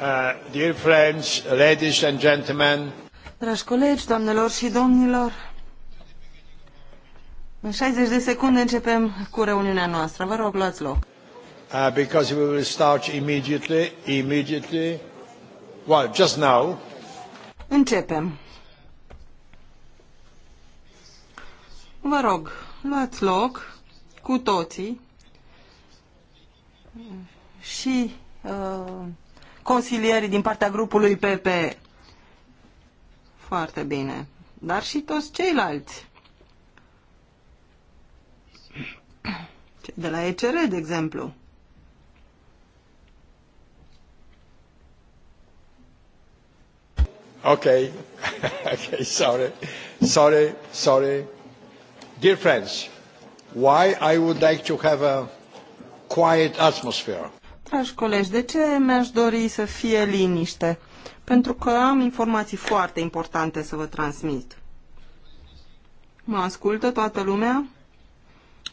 Uh, dear friends, ladies and gentlemen. Dragi colegi, doamnelor și domnilor, în 60 de secunde începem cu reuniunea noastră. Vă rog, luați loc. Uh, because we will start immediately, immediately, well, just now. Începem. Vă rog, luați loc cu toții și uh, consilierii din partea grupului PP. Foarte bine. Dar și toți ceilalți. Cei de la ECR, de exemplu. Ok. ok, sorry. Sorry, sorry. Dear friends, why I would like to have a quiet atmosphere. Dragi colegi, de ce mi-aș dori să fie liniște? Pentru că am informații foarte importante să vă transmit. Mă ascultă toată lumea?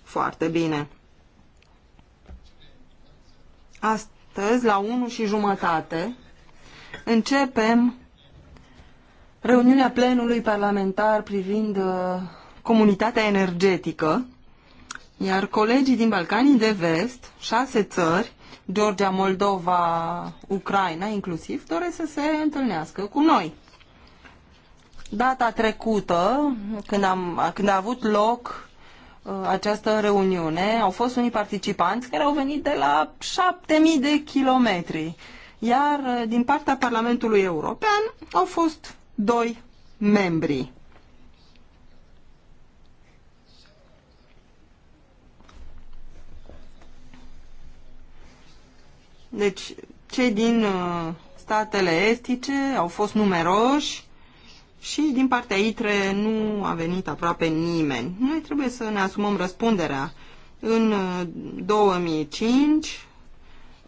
Foarte bine. Astăzi, la 1 și jumătate, începem reuniunea plenului parlamentar privind uh, comunitatea energetică, iar colegii din Balcanii de Vest, șase țări, Georgia, Moldova, Ucraina inclusiv, doresc să se întâlnească cu noi. Data trecută, când, am, când a avut loc uh, această reuniune, au fost unii participanți care au venit de la 7000 de kilometri, iar uh, din partea Parlamentului European au fost doi membri. Deci, cei din uh, statele estice au fost numeroși și din partea ITRE nu a venit aproape nimeni. Noi trebuie să ne asumăm răspunderea. În uh, 2005,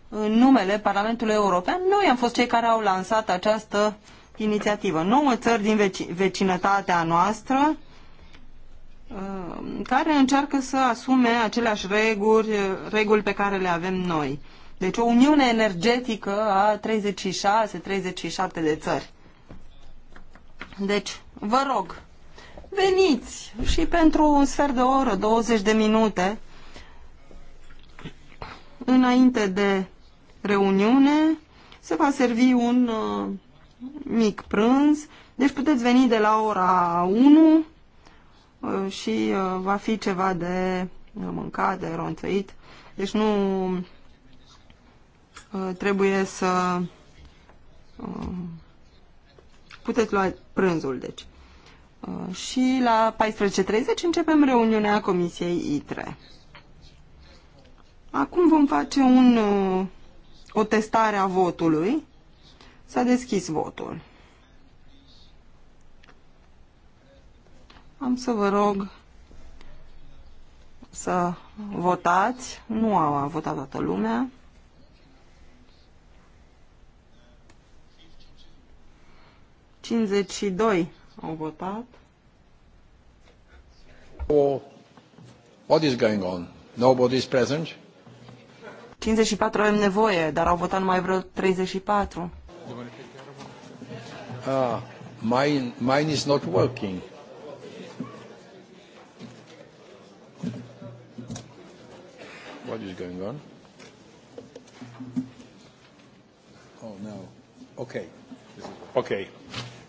în numele Parlamentului European, noi am fost cei care au lansat această inițiativă. Nouă țări din veci vecinătatea noastră uh, care încearcă să asume aceleași reguli, uh, reguli pe care le avem noi. Deci o uniune energetică a 36-37 de țări. Deci, vă rog, veniți și pentru un sfert de oră, 20 de minute, înainte de reuniune, se va servi un uh, mic prânz, deci puteți veni de la ora 1 uh, și uh, va fi ceva de mâncat, de ronțăit, deci nu Uh, trebuie să uh, puteți lua prânzul, deci. Uh, și la 14.30 începem reuniunea Comisiei ITRE. Acum vom face un, o testare a votului. S-a deschis votul. Am să vă rog să votați. Nu a votat toată lumea. 52 au votat. Oh, what is going on? Nobody is present? 54 avem nevoie, dar au votat numai vreo 34. Ah, mine, mine is not working. What is going on? Oh no. Okay. Okay.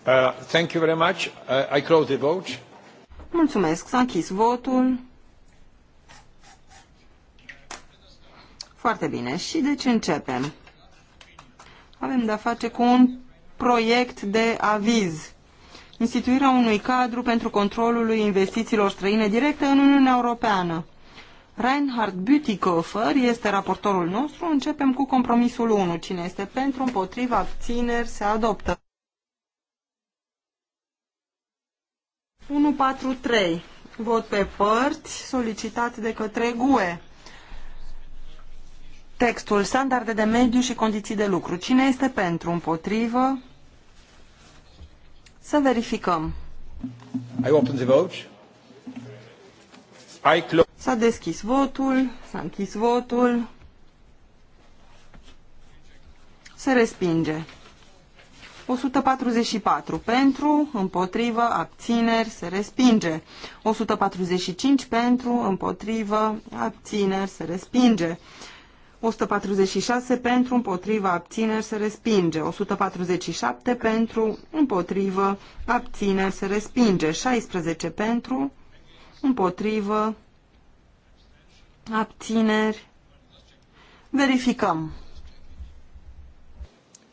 Uh, thank you very much. Uh, I close the vote. Mulțumesc. S-a închis votul. Foarte bine. Și deci începem. Avem de-a face cu un proiect de aviz. Instituirea unui cadru pentru controlul investițiilor străine directe în Uniunea Europeană. Reinhard Bütikofer este raportorul nostru. Începem cu compromisul 1. Cine este pentru, împotriva, abțineri, se adoptă. 143. Vot pe părți solicitat de către GUE. Textul standarde de mediu și condiții de lucru. Cine este pentru? Împotrivă? Să verificăm. I open the vote. I S-a deschis votul, s-a închis votul. Se respinge. 144 pentru, împotrivă, abțineri, se respinge. 145 pentru, împotrivă, abțineri, se respinge. 146 pentru, împotrivă, abțineri, se respinge. 147 pentru, împotrivă, abțineri, se respinge. 16 pentru, împotrivă, abțineri. Verificăm.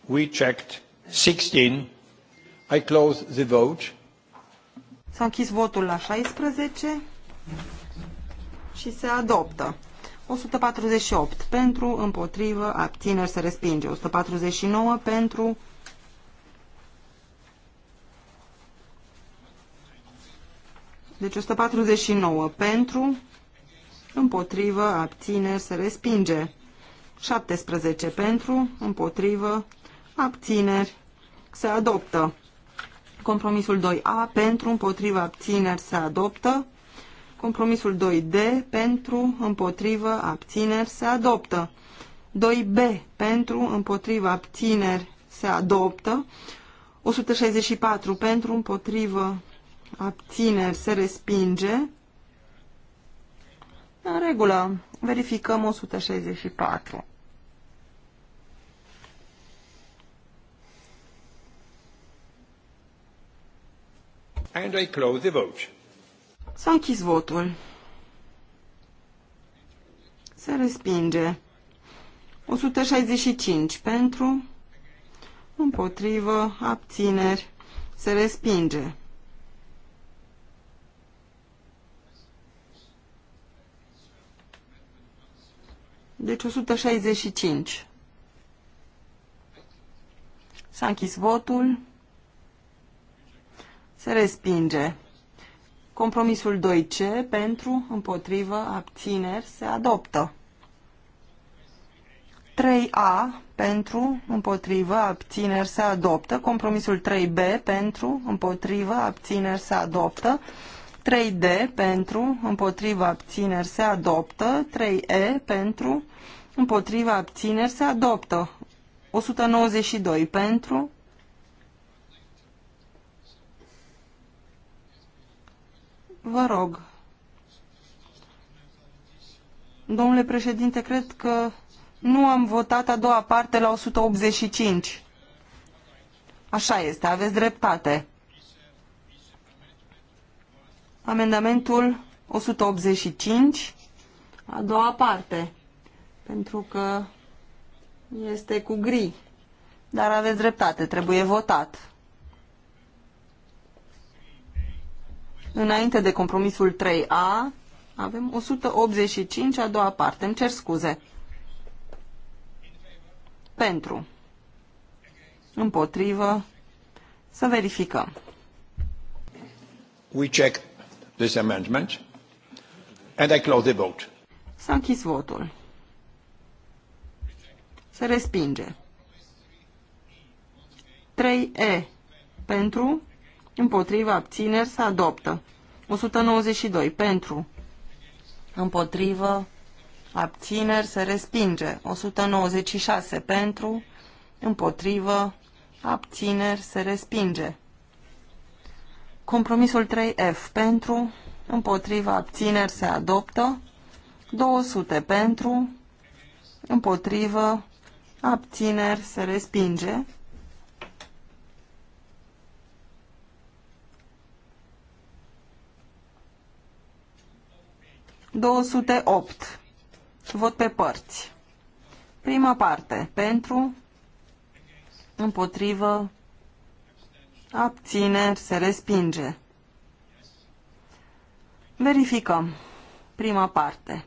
We checked 16. I close the vote. S-a închis votul la 16 și se adoptă. 148 pentru, împotrivă, abțineri se respinge. 149 pentru, Deci 149 pentru, împotrivă, abțineri, se respinge. 17 pentru, împotrivă, abțineri, se adoptă. Compromisul 2A pentru, împotrivă, abțineri, se adoptă. Compromisul 2D pentru, împotrivă, abțineri, se adoptă. 2B pentru, împotrivă, abțineri, se adoptă. 164 pentru, împotrivă, abțineri, se respinge. În regulă, verificăm 164. And I close the vote. S-a închis votul. Se respinge. 165 pentru, împotrivă, abțineri, se respinge. Deci 165. S-a închis votul. Se respinge. Compromisul 2C pentru, împotrivă, abțineri se adoptă. 3A pentru, împotrivă, abțineri se adoptă. Compromisul 3B pentru, împotrivă, abțineri se adoptă. 3D pentru, împotriva abțineri se adoptă, 3E pentru, împotriva abțineri se adoptă, 192 pentru, Vă rog. Domnule președinte, cred că nu am votat a doua parte la 185. Așa este, aveți dreptate. Amendamentul 185, a doua parte, pentru că este cu gri. Dar aveți dreptate, trebuie votat. Înainte de compromisul 3A, avem 185, a doua parte. Îmi cer scuze. Pentru. Împotrivă. Să verificăm. We check this amendment and I close the vote. S-a închis votul. Se respinge. 3E. Pentru. Împotriva abțineri se adoptă. 192 pentru, împotrivă, abțineri, se respinge. 196 pentru, împotrivă, abțineri, se respinge. Compromisul 3F pentru, împotrivă, abțineri, se adoptă. 200 pentru, împotrivă, abțineri, se respinge. 208. Vot pe părți. Prima parte. Pentru, împotrivă, abțineri, se respinge. Verificăm. Prima parte.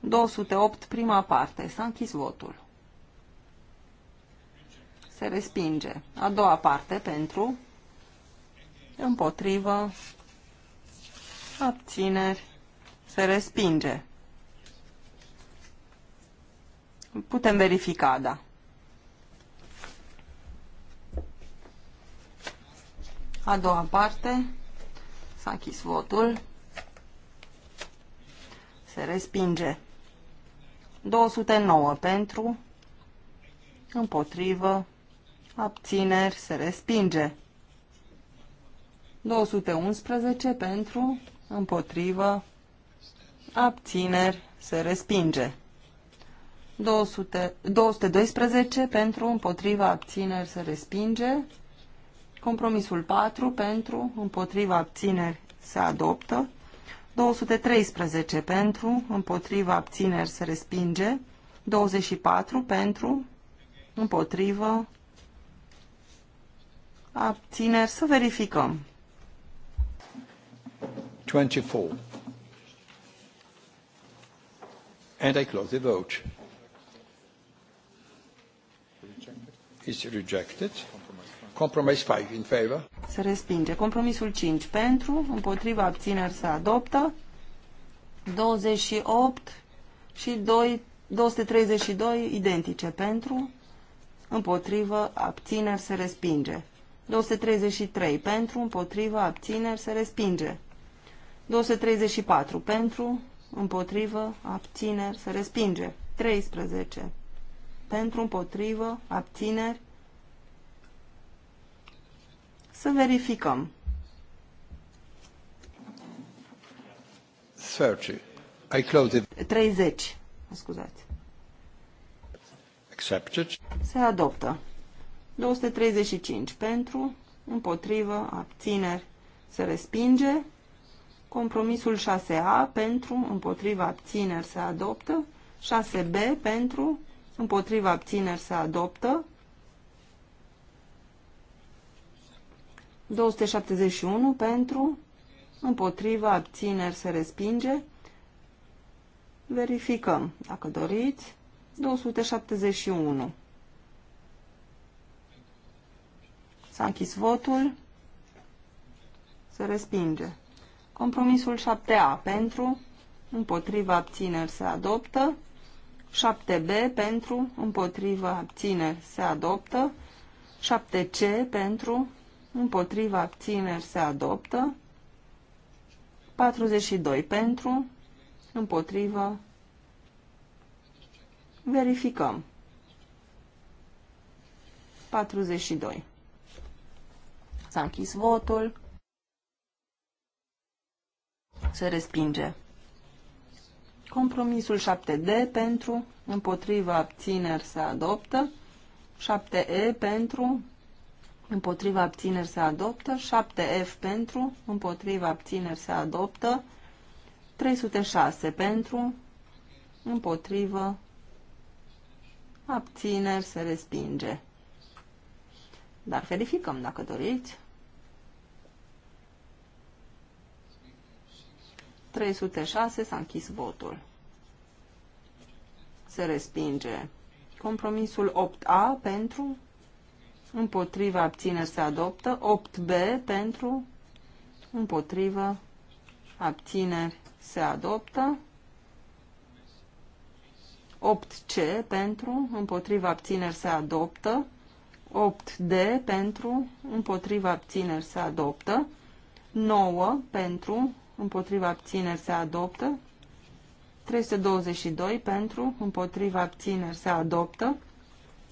208, prima parte. S-a închis votul. Se respinge. A doua parte pentru împotrivă, abțineri, se respinge. Putem verifica, da. A doua parte, s-a închis votul, se respinge. 209 pentru, împotrivă, abțineri, se respinge. 211 pentru, împotrivă, abțineri, se respinge. 200, 212 pentru, împotriva, abțineri, se respinge. Compromisul 4 pentru, împotriva, abțineri, se adoptă. 213 pentru, împotriva, abțineri, se respinge. 24 pentru, împotrivă, abțineri, să verificăm. 24. And I close the vote. Is rejected. Compromise 5 in favor. Se respinge. Compromisul 5 pentru, împotrivă, abțineri se adoptă. 28 și 2, 232 identice pentru, împotrivă, abțineri se respinge. 233 pentru, împotrivă, abțineri se respinge. 234 pentru, împotrivă, abțineri, se respinge. 13 pentru, împotrivă, abțineri. Să verificăm. 30. I close it. 30. Scuzați. Accepted. Se adoptă. 235 pentru, împotrivă, abțineri, se respinge. Compromisul 6A pentru, împotriva abțineri se adoptă. 6B pentru, împotriva abțineri se adoptă. 271 pentru, împotriva abțineri se respinge. Verificăm, dacă doriți. 271. S-a închis votul. Se respinge. Compromisul 7A pentru, împotriva abțineri se adoptă. 7B pentru, împotriva abțineri se adoptă. 7C pentru, împotriva abțineri se adoptă. 42 pentru, împotriva, verificăm. 42. S-a închis votul. Se respinge. Compromisul 7D pentru, împotriva abțineri se adoptă. 7E pentru, împotriva abțineri se adoptă. 7F pentru, împotriva abțineri se adoptă. 306 pentru, împotrivă, abțineri se respinge. Dar verificăm dacă doriți. 306 s-a închis votul. Se respinge. Compromisul 8A pentru, împotriva abține se adoptă, 8B pentru, împotrivă abțineri se adoptă, 8C pentru, împotriva abțineri se adoptă, 8D pentru, împotriva abțineri se adoptă, 9 pentru, împotriva abțineri se adoptă. 322 pentru, împotriva abțineri se adoptă.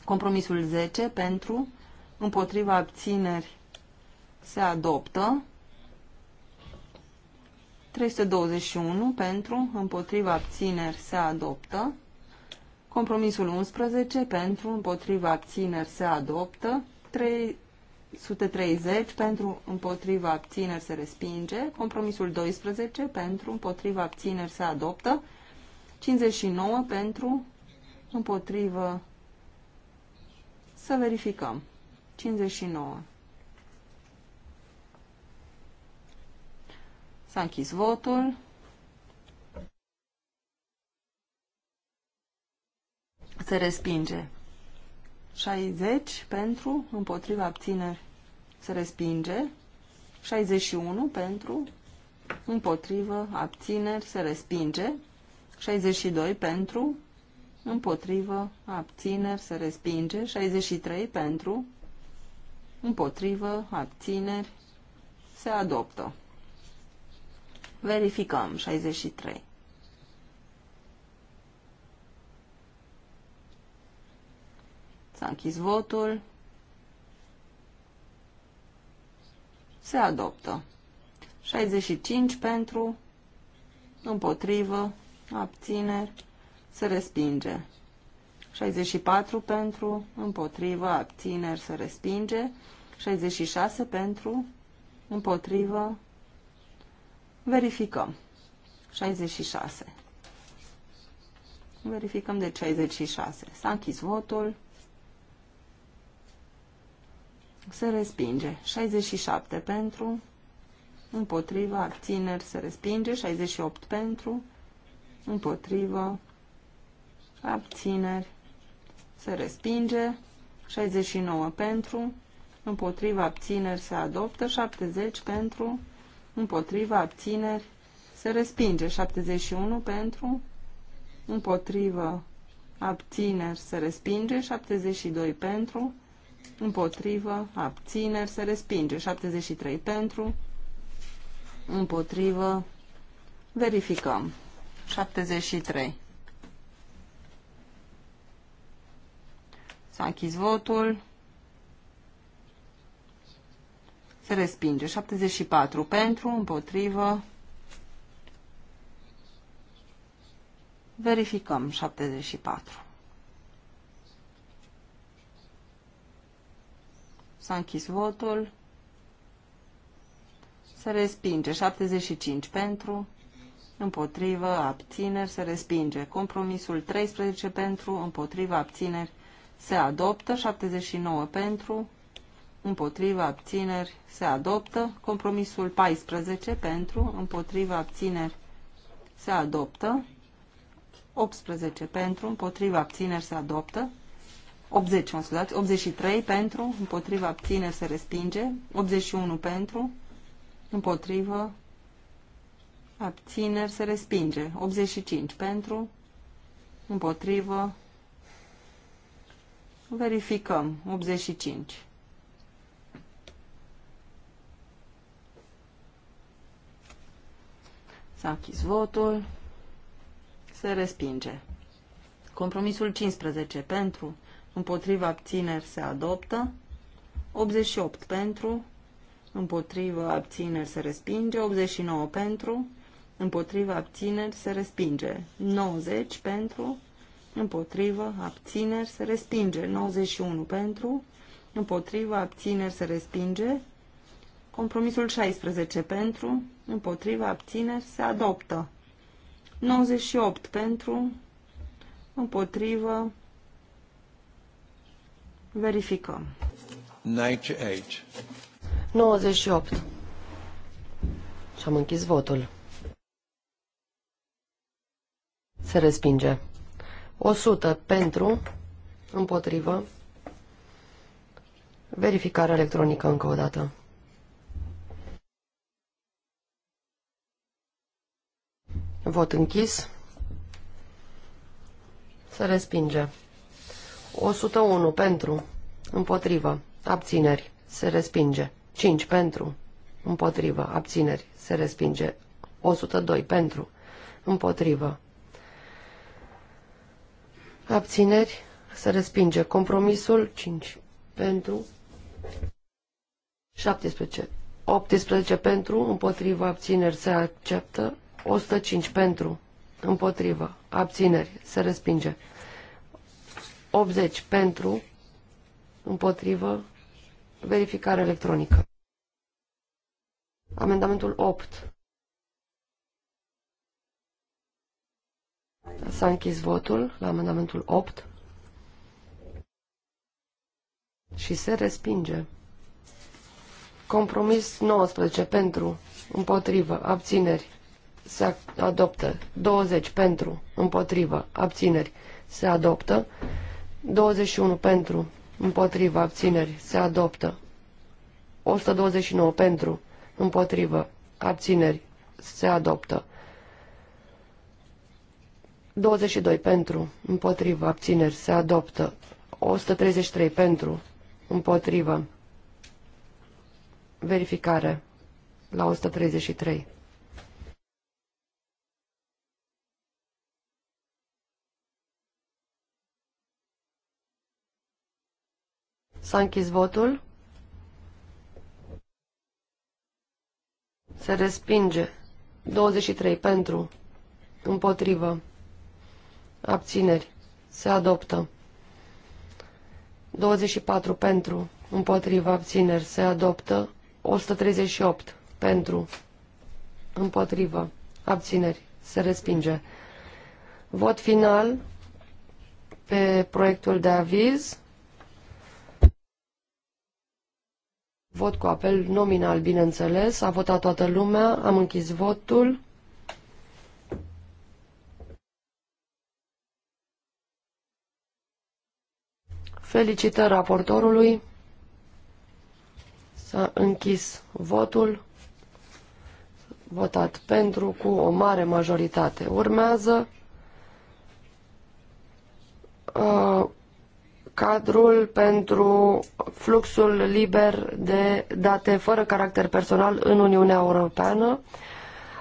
Compromisul 10 pentru, împotriva abțineri se adoptă. 321 pentru, împotriva abțineri se adoptă. Compromisul 11 pentru, împotriva abțineri se adoptă. 3 130 pentru împotriva abțineri se respinge, compromisul 12 pentru împotriva abțineri se adoptă, 59 pentru împotrivă să verificăm. 59. S-a închis votul. Se respinge. 60 pentru, împotriva abțineri se respinge. 61 pentru, împotrivă, abțineri se respinge. 62 pentru, împotrivă, abțineri se respinge. 63 pentru, împotrivă, abțineri se adoptă. Verificăm 63. S-a închis votul. Se adoptă. 65 pentru, împotrivă, abțineri, se respinge. 64 pentru, împotrivă, abțineri, se respinge. 66 pentru, împotrivă, verificăm. 66. Verificăm de 66. S-a închis votul se respinge. 67 pentru, împotrivă, abțineri, se respinge. 68 pentru, împotrivă, abțineri, se respinge. 69 pentru, împotriva abțineri se adoptă, 70 pentru, împotriva abțineri se respinge, 71 pentru, împotriva abțineri se respinge, 72 pentru, împotrivă, abțineri, se respinge. 73 pentru, împotrivă, verificăm. 73. S-a închis votul. Se respinge. 74 pentru, împotrivă. Verificăm 74. S-a închis votul. Se respinge. 75 pentru. Împotrivă, abțineri, se respinge. Compromisul 13 pentru, împotrivă, abțineri, se adoptă. 79 pentru, împotrivă, abțineri, se adoptă. Compromisul 14 pentru, împotrivă, abțineri, se adoptă. 18 pentru, împotrivă, abțineri, se adoptă. 80, mă scuzați, 83 pentru, împotrivă, abține, se respinge, 81 pentru, împotrivă, abțineri, se respinge, 85 pentru, împotrivă, verificăm, 85. S-a închis votul, se respinge. Compromisul 15 pentru, împotriva abțineri se adoptă, 88 pentru, împotriva abțineri se respinge, 89 pentru, împotriva abțineri se respinge, 90 pentru, împotriva abțineri se respinge, 91 pentru, împotriva abțineri se respinge, compromisul 16 pentru, împotriva abțineri se adoptă, 98 pentru, împotrivă, Verificăm. 98. 98. Și am închis votul. Se respinge. 100 pentru, împotrivă. Verificare electronică încă o dată. Vot închis. Se respinge. 101 pentru, împotrivă, abțineri, se respinge. 5 pentru, împotrivă, abțineri, se respinge. 102 pentru, împotrivă. Abțineri, se respinge. Compromisul 5 pentru, 17. 18 pentru, împotrivă, abțineri, se acceptă. 105 pentru, împotrivă, abțineri, se respinge. 80 pentru, împotrivă, verificare electronică. Amendamentul 8. S-a închis votul la amendamentul 8 și se respinge. Compromis 19 pentru, împotrivă, abțineri, se adoptă. 20 pentru, împotrivă, abțineri, se adoptă. 21 pentru, împotrivă, abțineri, se adoptă. 129 pentru, împotrivă, abțineri, se adoptă. 22 pentru, împotrivă, abțineri, se adoptă. 133 pentru, împotrivă, verificare la 133. S-a închis votul. Se respinge. 23 pentru. Împotrivă. Abțineri. Se adoptă. 24 pentru. Împotrivă. Abțineri. Se adoptă. 138 pentru. Împotrivă. Abțineri. Se respinge. Vot final pe proiectul de aviz. Vot cu apel nominal, bineînțeles. A votat toată lumea. Am închis votul. Felicitări raportorului. S-a închis votul. Votat pentru cu o mare majoritate. Urmează uh, cadrul pentru fluxul liber de date fără caracter personal în Uniunea Europeană.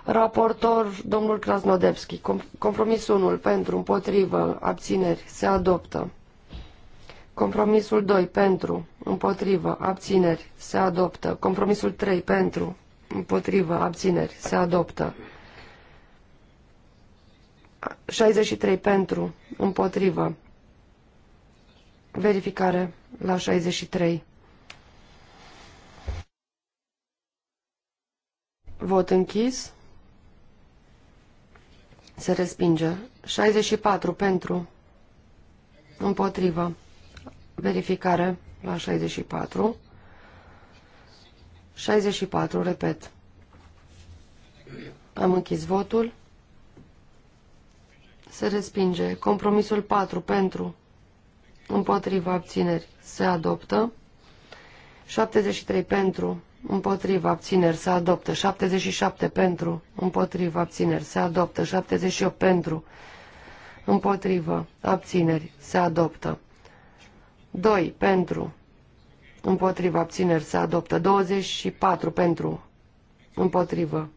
Raportor, domnul Krasnodebski. Compromisul 1 pentru, împotrivă, abțineri, se adoptă. Compromisul 2 pentru, împotrivă, abțineri, se adoptă. Compromisul 3 pentru, împotrivă, abțineri, se adoptă. 63 pentru, împotrivă, Verificare la 63. Vot închis. Se respinge. 64 pentru. Împotrivă. Verificare la 64. 64, repet. Am închis votul. Se respinge. Compromisul 4 pentru împotriva abțineri se adoptă, 73 pentru, împotriva abțineri se adoptă, 77 pentru, împotriva abțineri se adoptă, 78 pentru, împotriva abțineri se adoptă, 2 pentru, împotriva abțineri se adoptă, 24 pentru, împotriva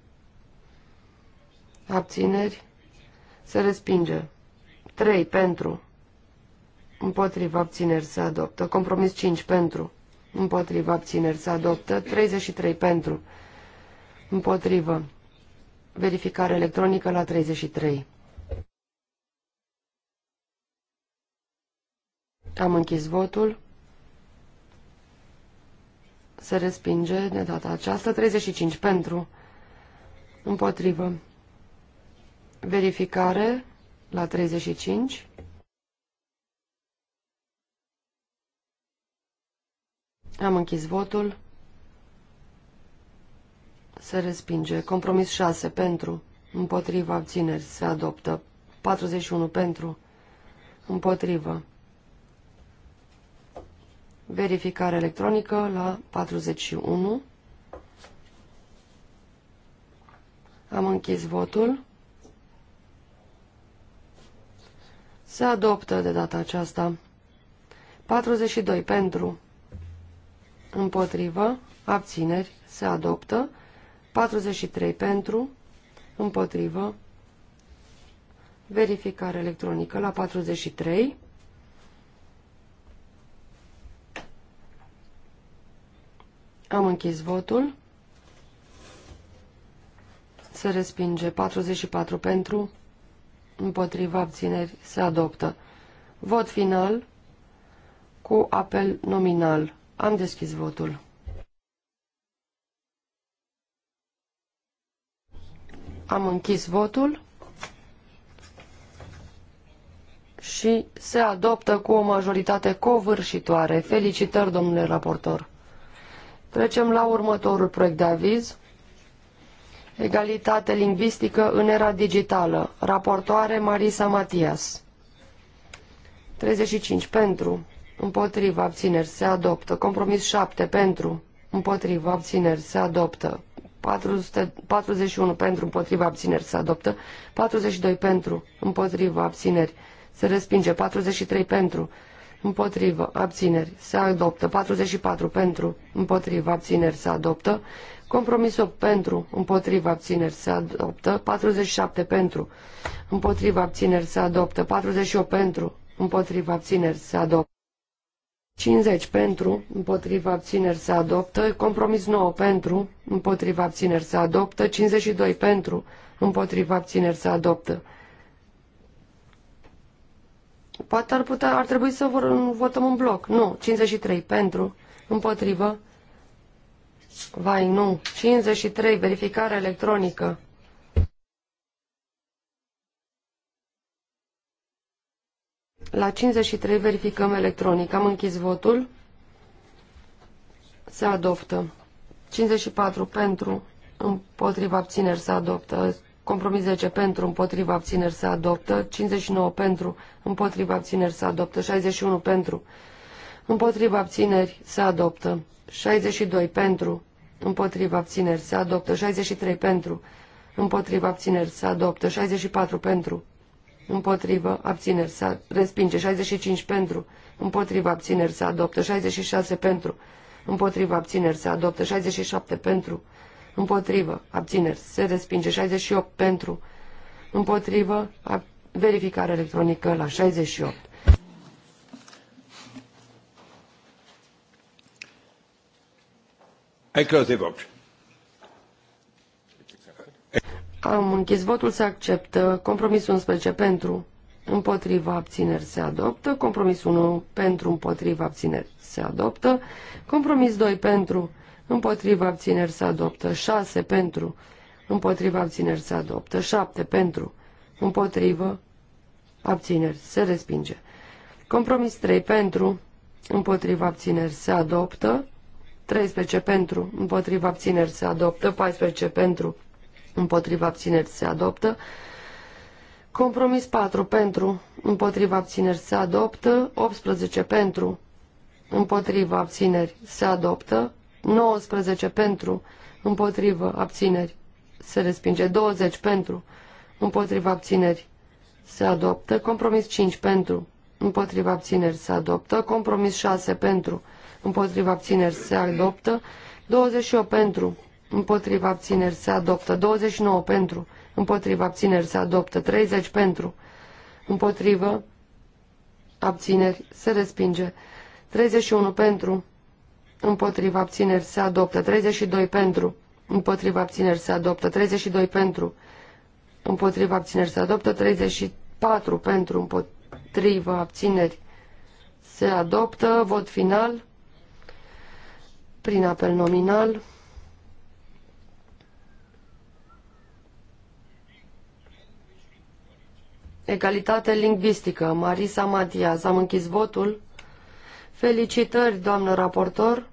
abțineri se respinge, 3 pentru, împotriva abțineri se adoptă. Compromis 5 pentru, împotriva abțineri se adoptă. 33 pentru, împotrivă. Verificare electronică la 33. Am închis votul. Se respinge de data aceasta 35 pentru, împotrivă. Verificare la 35. Am închis votul. Se respinge. Compromis 6 pentru. Împotriva abțineri. Se adoptă. 41 pentru. Împotrivă. Verificare electronică la 41. Am închis votul. Se adoptă de data aceasta. 42 pentru împotrivă, abțineri, se adoptă. 43 pentru, împotrivă, verificare electronică la 43. Am închis votul. Se respinge 44 pentru, Împotrivă abțineri, se adoptă. Vot final cu apel nominal. Am deschis votul. Am închis votul și se adoptă cu o majoritate covârșitoare. Felicitări, domnule raportor! Trecem la următorul proiect de aviz. Egalitate lingvistică în era digitală. Raportoare Marisa Matias. 35 pentru împotrivă, abțineri, se adoptă. Compromis 7 pentru, împotrivă, abțineri, se adoptă. unu pentru, împotriva abțineri, se adoptă. 42 pentru, împotriva abțineri, se respinge. 43 pentru, împotriva abțineri, se adoptă. 44 pentru, împotriva abțineri, se adoptă. Compromis 8 pentru, împotriva abțineri se adoptă, 47 pentru, împotriva abțineri se adoptă, 48 pentru, împotriva abțineri se adoptă. 50 pentru, împotriva abțineri se adoptă, compromis 9 pentru, împotriva abțineri se adoptă, 52 pentru, împotriva abțineri se adoptă. Poate ar, putea, ar trebui să votăm în bloc. Nu, 53 pentru, împotrivă. Vai, nu. 53, verificare electronică. La 53 verificăm electronic. Am închis votul. Se adoptă. 54 pentru, împotriva abțineri se adoptă. Compromis 10 pentru, împotriva abțineri se adoptă. 59 pentru, împotriva abțineri se adoptă. 61 pentru, împotriva abțineri se adoptă. 62 pentru, împotriva abțineri se adoptă. 63 pentru, împotriva abțineri se adoptă. 64 pentru, împotrivă, abțineri se respinge, 65 pentru, împotrivă, abțineri se adoptă, 66 pentru, împotrivă, abțineri se adoptă, 67 pentru, împotrivă, abțineri se respinge, 68 pentru, împotrivă, ab... verificare electronică la 68. I close the vote. Am închis votul, se acceptă. Compromisul 11 pentru, împotriva abțineri se adoptă. Compromisul 1 pentru, împotriva abțineri se adoptă. Compromis 2 pentru, împotriva abțineri se adoptă. 6 pentru, împotriva abțineri se adoptă. 7 pentru, împotriva abțineri se respinge. Compromis 3 pentru, împotriva abțineri se adoptă. 13 pentru, împotriva abțineri se adoptă. 14 pentru, împotriva abțineri se adoptă. Compromis 4 pentru, împotriva abțineri se adoptă. 18 pentru, împotriva abțineri se adoptă. 19 pentru, împotriva abțineri se respinge. 20 pentru, împotriva abțineri se adoptă. Compromis 5 pentru, împotriva abțineri se adoptă. Compromis 6 pentru, împotriva abțineri se adoptă. 28 pentru, împotriva abțineri se adoptă, 29 pentru, împotriva abțineri se adoptă, 30 pentru, împotrivă, abțineri se respinge, 31 pentru, împotriva abțineri se adoptă, 32 pentru, împotriva abțineri se adoptă, 32 pentru, împotriva abțineri se adoptă, 34 pentru, împotriva abțineri se adoptă, vot final, prin apel nominal, egalitate lingvistică, Marisa Matias. Am închis votul. Felicitări, doamnă raportor.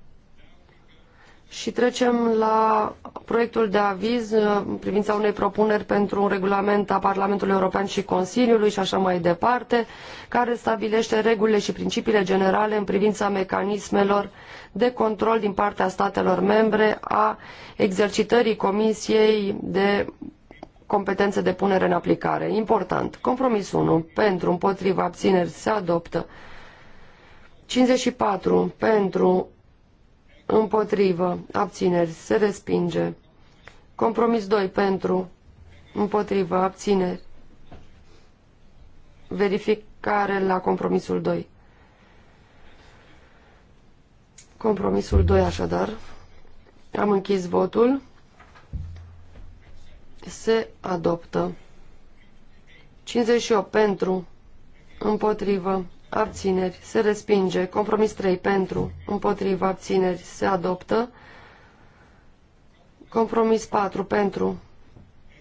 Și trecem la proiectul de aviz uh, în privința unei propuneri pentru un regulament a Parlamentului European și Consiliului și așa mai departe, care stabilește regulile și principiile generale în privința mecanismelor de control din partea statelor membre a exercitării Comisiei de competențe de punere în aplicare. Important. Compromis 1. Pentru, împotriva, abțineri, se adoptă. 54. Pentru, împotrivă, abțineri, se respinge. Compromis 2. Pentru, împotrivă, abțineri. Verificare la compromisul 2. Compromisul 2, așadar. Am închis votul se adoptă. 58 pentru, împotrivă, abțineri, se respinge. Compromis 3 pentru, împotrivă, abțineri, se adoptă. Compromis 4 pentru,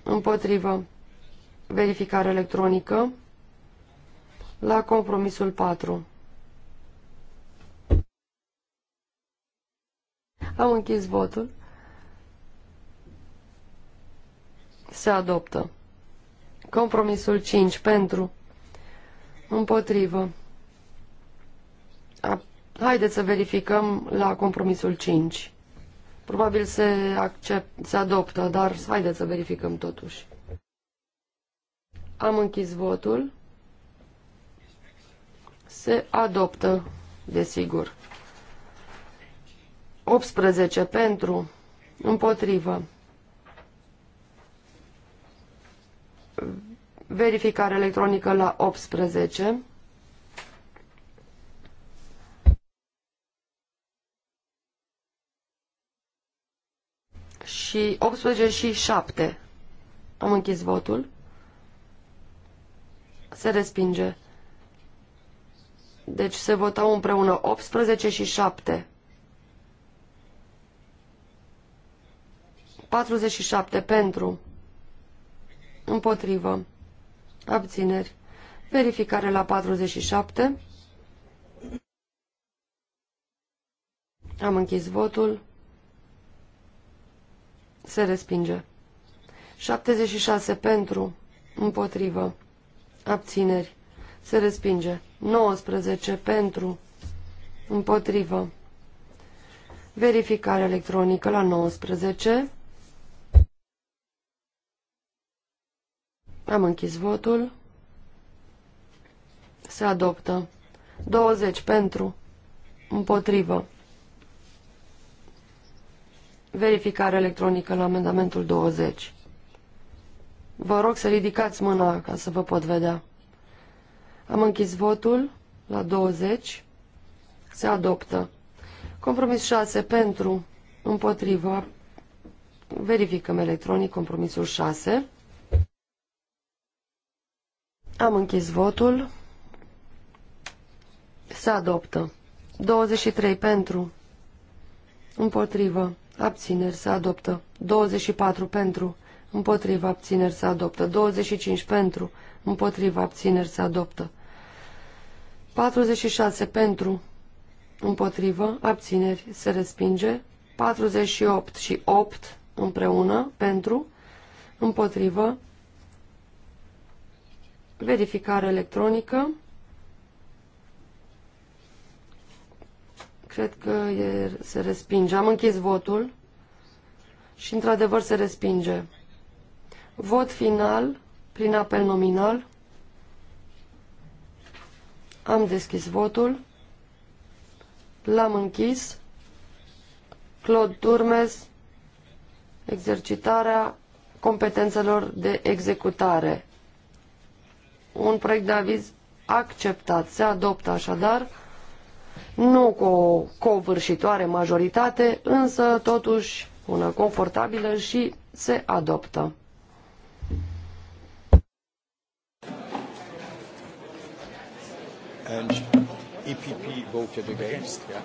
împotrivă, verificare electronică. La compromisul 4. Am închis votul. se adoptă. Compromisul 5 pentru, împotrivă. haideți să verificăm la compromisul 5. Probabil se, accept, se adoptă, dar haideți să verificăm totuși. Am închis votul. Se adoptă, desigur. 18 pentru, împotrivă. Verificare electronică la 18. Și 18 și 7. Am închis votul. Se respinge. Deci se votau împreună 18 și 7. 47 pentru. Împotrivă abțineri, verificare la 47. Am închis votul. Se respinge. 76 pentru, împotrivă, abțineri, se respinge. 19 pentru, împotrivă. Verificare electronică la 19. Am închis votul. Se adoptă. 20 pentru. Împotrivă. Verificare electronică la amendamentul 20. Vă rog să ridicați mâna ca să vă pot vedea. Am închis votul la 20. Se adoptă. Compromis 6 pentru, împotriva. Verificăm electronic compromisul 6. Am închis votul. Se adoptă. 23 pentru. Împotrivă. Abțineri se adoptă. 24 pentru. Împotrivă abțineri se adoptă. 25 pentru. Împotrivă abțineri se adoptă. 46 pentru. Împotrivă abțineri se respinge. 48 și 8 împreună pentru. Împotrivă Verificare electronică. Cred că e, se respinge. Am închis votul și într-adevăr se respinge. Vot final prin apel nominal. Am deschis votul. L-am închis. Claude Turmes, exercitarea competențelor de executare un proiect de aviz acceptat. Se adoptă așadar, nu cu o covârșitoare majoritate, însă totuși una confortabilă și se adoptă. And EPP voted against, yeah.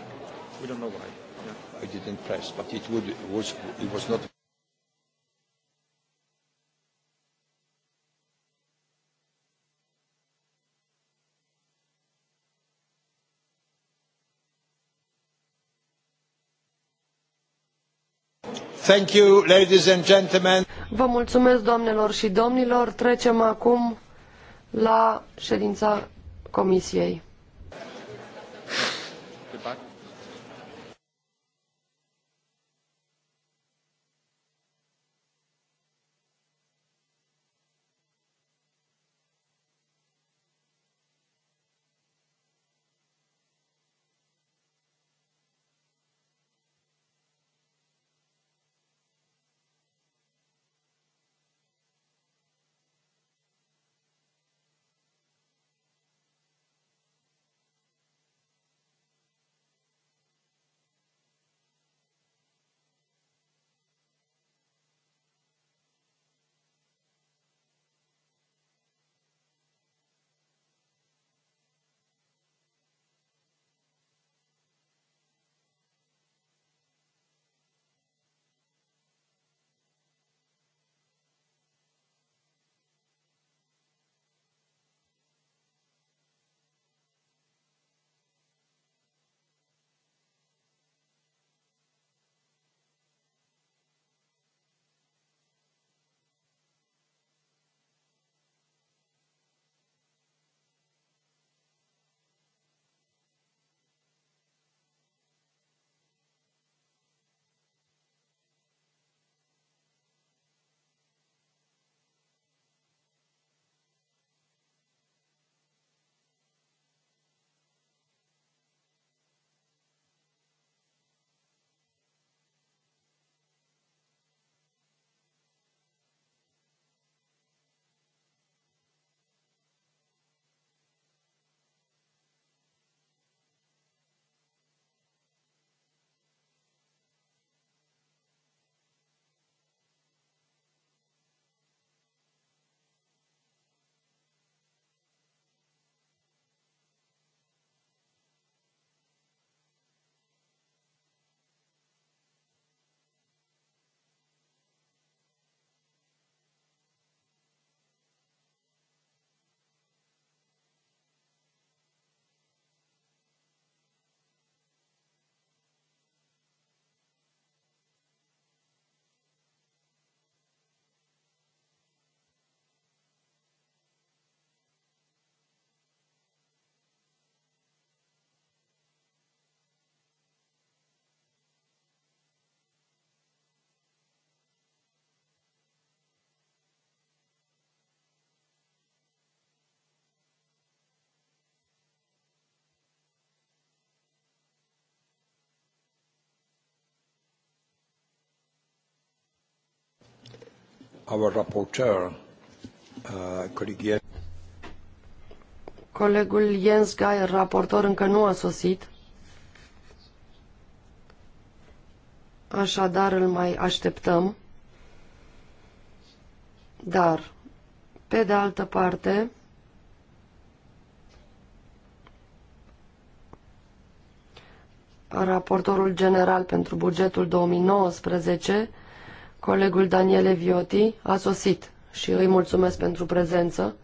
We don't know why. Yeah. I didn't press, but it would, it was, it was not... Vă mulțumesc, doamnelor și domnilor. Trecem acum la ședința Comisiei. our rapporteur, uh, Colegul Jens Geier, raportor, încă nu a sosit. Așadar îl mai așteptăm. Dar, pe de altă parte, raportorul general pentru bugetul 2019 Colegul Daniele Vioti a sosit și îi mulțumesc pentru prezență,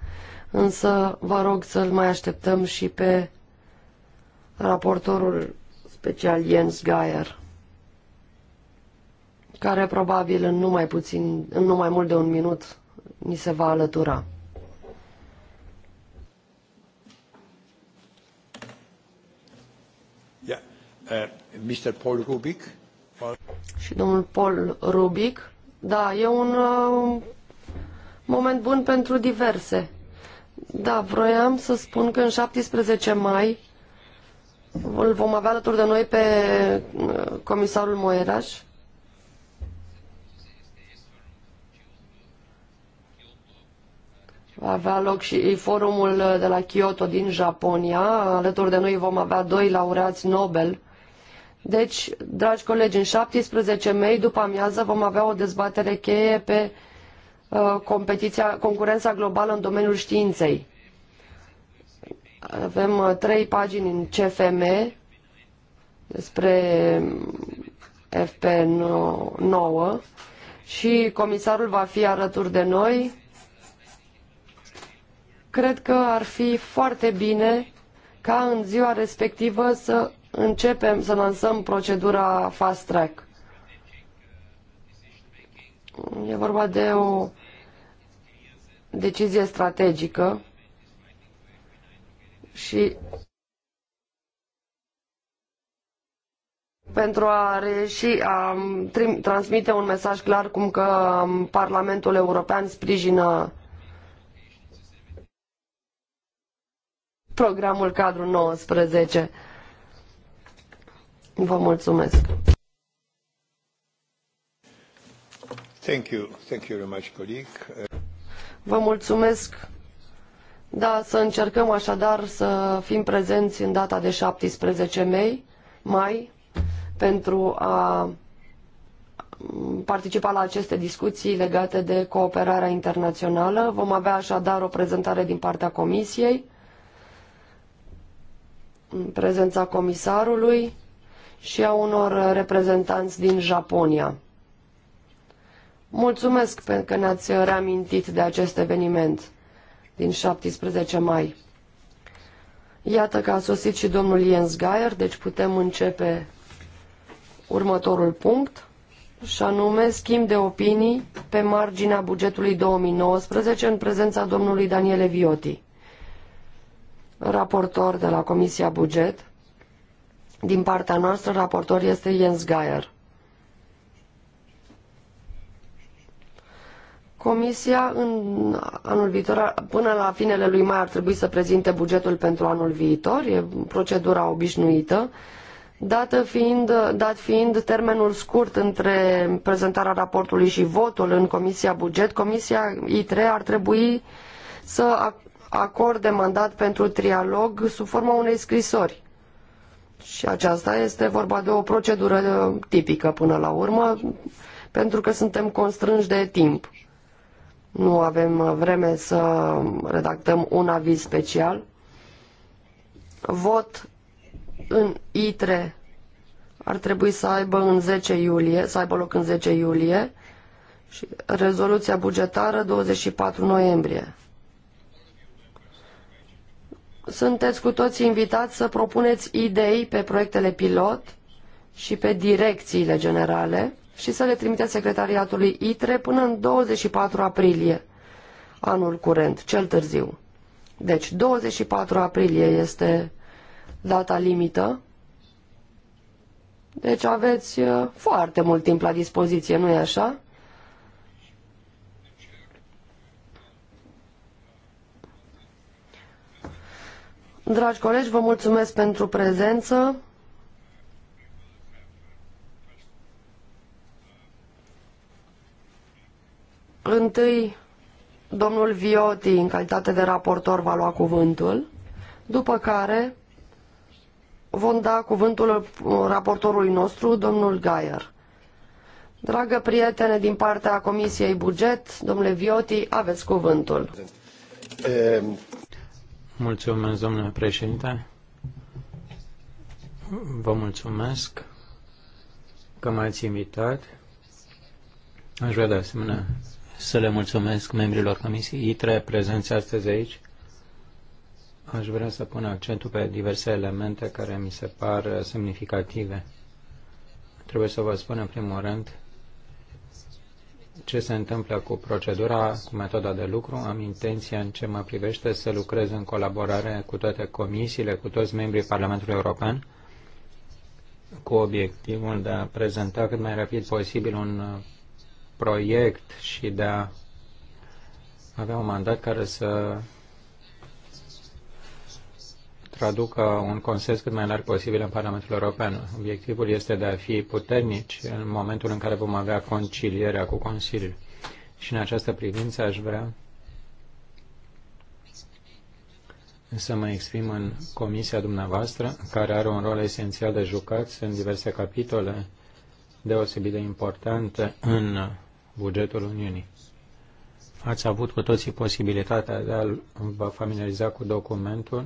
însă vă rog să-l mai așteptăm și pe raportorul special Jens Geier, care probabil în nu mai, puțin, în nu mai mult de un minut ni se va alătura. Yeah. Uh, Mr. Paul Rubik. Și domnul Paul Rubic. Da, e un uh, moment bun pentru diverse. Da, vroiam să spun că în 17 mai îl vom avea alături de noi pe uh, comisarul Moeraș. Va avea loc și forumul de la Kyoto din Japonia. Alături de noi vom avea doi laureați Nobel deci, dragi colegi, în 17 mei, după amiază, vom avea o dezbatere cheie pe uh, competiția, concurența globală în domeniul științei. Avem uh, trei pagini în CFM despre FP9 și comisarul va fi alături de noi. Cred că ar fi foarte bine ca în ziua respectivă să începem să lansăm procedura fast track. E vorba de o decizie strategică și pentru a reuși, a transmite un mesaj clar cum că um, Parlamentul European sprijină programul cadru 19. Vă mulțumesc. Thank you. Thank you very much, colleague. Vă mulțumesc. Da, să încercăm așadar să fim prezenți în data de 17 mai, mai pentru a participa la aceste discuții legate de cooperarea internațională. Vom avea așadar o prezentare din partea Comisiei, prezența comisarului, și a unor reprezentanți din Japonia. Mulțumesc pentru că ne-ați reamintit de acest eveniment din 17 mai. Iată că a sosit și domnul Jens Geier, deci putem începe următorul punct, și anume schimb de opinii pe marginea bugetului 2019 în prezența domnului Daniele Vioti, raportor de la Comisia Buget, din partea noastră, raportor este Jens Geier. Comisia în anul viitor, până la finele lui mai ar trebui să prezinte bugetul pentru anul viitor, e procedura obișnuită, dată fiind, dat fiind termenul scurt între prezentarea raportului și votul în Comisia Buget, Comisia I3 ar trebui să acorde mandat pentru trialog sub forma unei scrisori. Și aceasta este vorba de o procedură uh, tipică până la urmă, pentru că suntem constrânși de timp. Nu avem uh, vreme să redactăm un aviz special. Vot în ITRE ar trebui să aibă în 10 iulie, să aibă loc în 10 iulie și rezoluția bugetară 24 noiembrie sunteți cu toții invitați să propuneți idei pe proiectele pilot și pe direcțiile generale și să le trimiteți secretariatului ITRE până în 24 aprilie anul curent, cel târziu. Deci 24 aprilie este data limită. Deci aveți uh, foarte mult timp la dispoziție, nu-i așa? Dragi colegi, vă mulțumesc pentru prezență. Întâi, domnul Vioti, în calitate de raportor, va lua cuvântul, după care vom da cuvântul uh, raportorului nostru, domnul Gaier. Dragă prietene din partea Comisiei Buget, domnule Vioti, aveți cuvântul. Mulțumesc, domnule președinte. Vă mulțumesc că m-ați invitat. Aș vrea de asemenea să le mulțumesc membrilor Comisiei ITRE prezenți astăzi aici. Aș vrea să pun accentul pe diverse elemente care mi se par semnificative. Trebuie să vă spun în primul rând ce se întâmplă cu procedura, cu metoda de lucru. Am intenția în ce mă privește să lucrez în colaborare cu toate comisiile, cu toți membrii Parlamentului European, cu obiectivul de a prezenta cât mai rapid posibil un uh, proiect și de a avea un mandat care să traducă un consens cât mai larg posibil în Parlamentul European. Obiectivul este de a fi puternici în momentul în care vom avea concilierea cu Consiliul. Și în această privință aș vrea să mă exprim în comisia dumneavoastră, care are un rol esențial de jucat în diverse capitole deosebit de importante în bugetul Uniunii. Ați avut cu toții posibilitatea de a vă familiariza cu documentul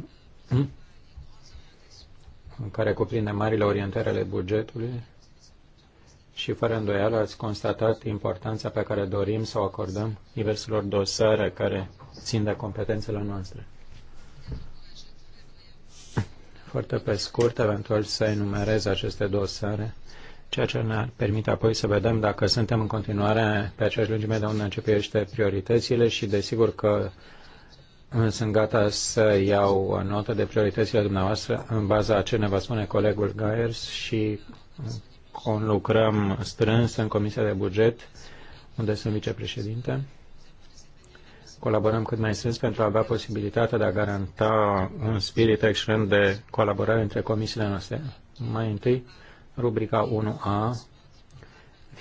care cuprinde marile orientări ale bugetului și fără îndoială ați constatat importanța pe care dorim să o acordăm diverselor dosare care țin de competențele noastre. Foarte pe scurt, eventual să enumerez aceste dosare, ceea ce ne permite apoi să vedem dacă suntem în continuare pe aceeași lungime de unde începește prioritățile și desigur că sunt gata să iau notă de prioritățile dumneavoastră în baza a ce ne va spune colegul Gaiers și lucrăm strâns în Comisia de Buget, unde sunt vicepreședinte. Colaborăm cât mai strâns pentru a avea posibilitatea de a garanta un spirit excelent de colaborare între comisiile noastre. Mai întâi, rubrica 1A,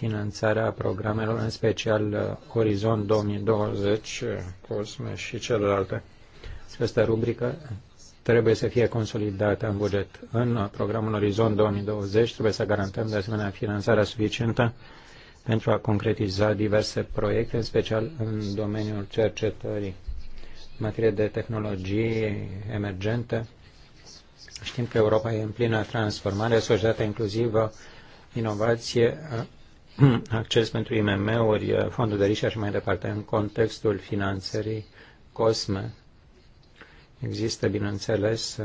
finanțarea programelor, în special uh, Horizon 2020, uh, COSME și celelalte. Această rubrică trebuie să fie consolidată în buget. În programul Horizon 2020 trebuie să garantăm de asemenea finanțarea suficientă pentru a concretiza diverse proiecte, în special în domeniul cercetării, în materie de tehnologii emergente. Știm că Europa e în plină transformare, societatea inclusivă, inovație acces pentru IMM-uri, fondul de risc și mai departe. În contextul finanțării COSME există, bineînțeles,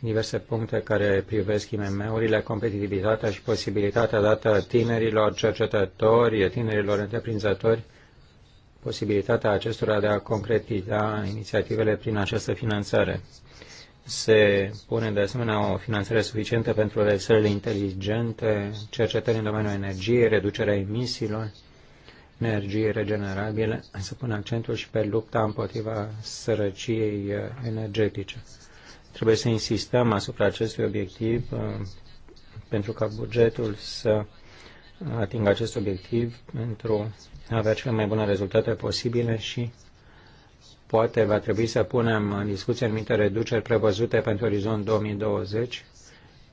diverse puncte care privesc IMM-urile, competitivitatea și posibilitatea dată tinerilor cercetători, tinerilor întreprinzători, posibilitatea acestora de a concretiza inițiativele prin această finanțare se pune de asemenea o finanțare suficientă pentru rețelele inteligente, cercetări în domeniul energiei, reducerea emisiilor, energii regenerabile, să pun accentul și pe lupta împotriva sărăciei uh, energetice. Trebuie să insistăm asupra acestui obiectiv uh, pentru ca bugetul să atingă acest obiectiv pentru a avea cele mai bune rezultate posibile și Poate va trebui să punem în discuție anumite reduceri prevăzute pentru orizont 2020,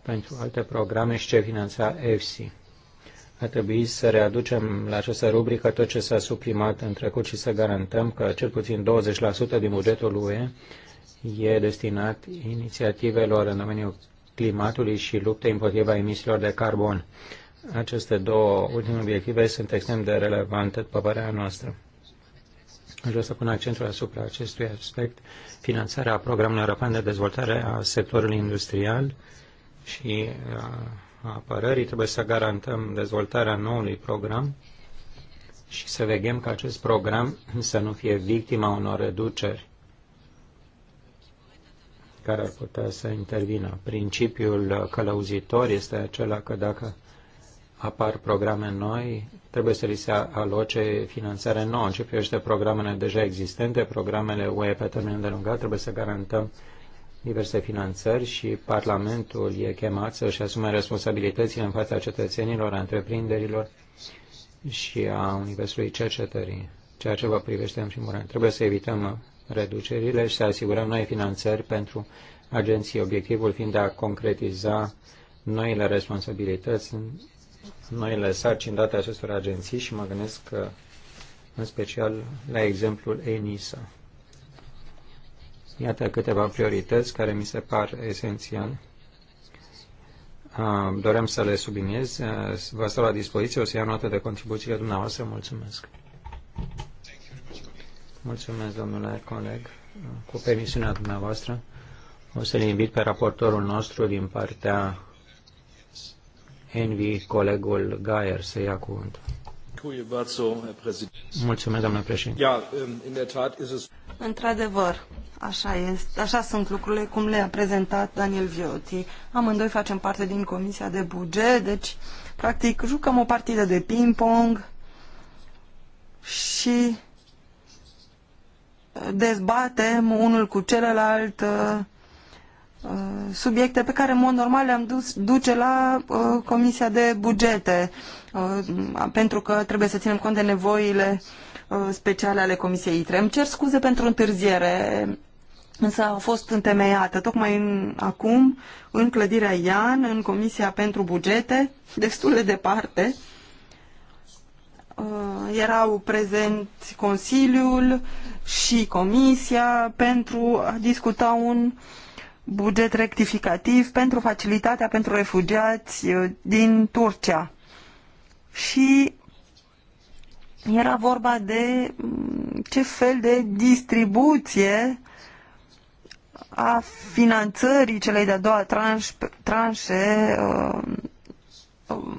pentru alte programe și ce finanța EFSI. A trebui să readucem la această rubrică tot ce s-a suprimat în trecut și să garantăm că cel puțin 20% din bugetul UE e destinat inițiativelor în domeniul climatului și luptei împotriva emisiilor de carbon. Aceste două ultime obiective sunt extrem de relevante, după părerea noastră. Aș vrea să pun accentul asupra acestui aspect, finanțarea programului european de dezvoltare a sectorului industrial și uh, a apărării. Trebuie să garantăm dezvoltarea noului program și să vegem că acest program să nu fie victima unor reduceri care ar putea să intervină. Principiul călăuzitor este acela că dacă apar programe noi, trebuie să li se aloce finanțare nouă. În ce privește programele deja existente, programele UE pe termen îndelungat, trebuie să garantăm diverse finanțări și Parlamentul e chemat să-și asume responsabilitățile în fața cetățenilor, a întreprinderilor și a Universului Cercetării. Ceea ce vă privește în primul rând. Trebuie să evităm reducerile și să asigurăm noi finanțări pentru agenții, obiectivul fiind de a concretiza noile responsabilități noile sarcini date acestor agenții și mă gândesc că, în special la exemplul ENISA. Iată câteva priorități care mi se par esențiale. Doream să le subliniez. Vă stau la dispoziție. O să iau notă de contribuțiile dumneavoastră. Mulțumesc. Mulțumesc, domnule coleg. Cu permisiunea dumneavoastră, o să-l invit pe raportorul nostru din partea Envi, colegul Gaier, să ia cuvântul. Mulțumesc, domnule președinte. Ähm, Într-adevăr, așa, este, așa sunt lucrurile cum le-a prezentat Daniel Vioti. Amândoi facem parte din Comisia de Buget, deci, practic, jucăm o partidă de ping-pong și uh, dezbatem unul cu celălalt uh, Uh, subiecte pe care în mod normal le-am dus, duce la uh, Comisia de Bugete, uh, pentru că trebuie să ținem cont de nevoile uh, speciale ale Comisiei ITRE. Îmi cer scuze pentru întârziere, însă a fost întemeiată tocmai în, acum, în clădirea IAN, în Comisia pentru Bugete, destul de departe. Uh, erau prezenți Consiliul și Comisia pentru a discuta un uh, buget rectificativ pentru facilitatea pentru refugiați uh, din Turcia. Și era vorba de mm, ce fel de distribuție a finanțării celei de-a doua tranș, tranșe uh,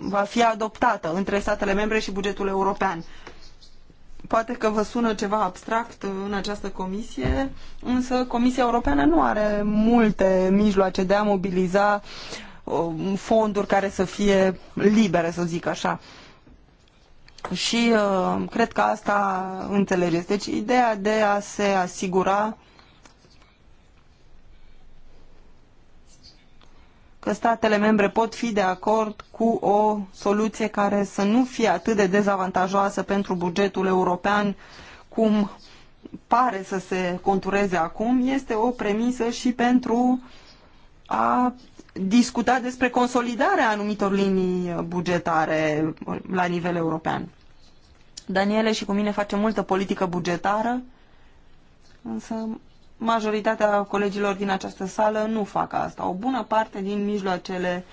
va fi adoptată între statele membre și bugetul european. Poate că vă sună ceva abstract în această comisie, însă Comisia Europeană nu are multe mijloace de a mobiliza um, fonduri care să fie libere, să zic așa. Și uh, cred că asta înțelegeți. Deci ideea de a se asigura că statele membre pot fi de acord cu o soluție care să nu fie atât de dezavantajoasă pentru bugetul european cum pare să se contureze acum, este o premisă și pentru a discuta despre consolidarea anumitor linii bugetare la nivel european. Daniele și cu mine facem multă politică bugetară, însă majoritatea colegilor din această sală nu fac asta. O bună parte din mijloacele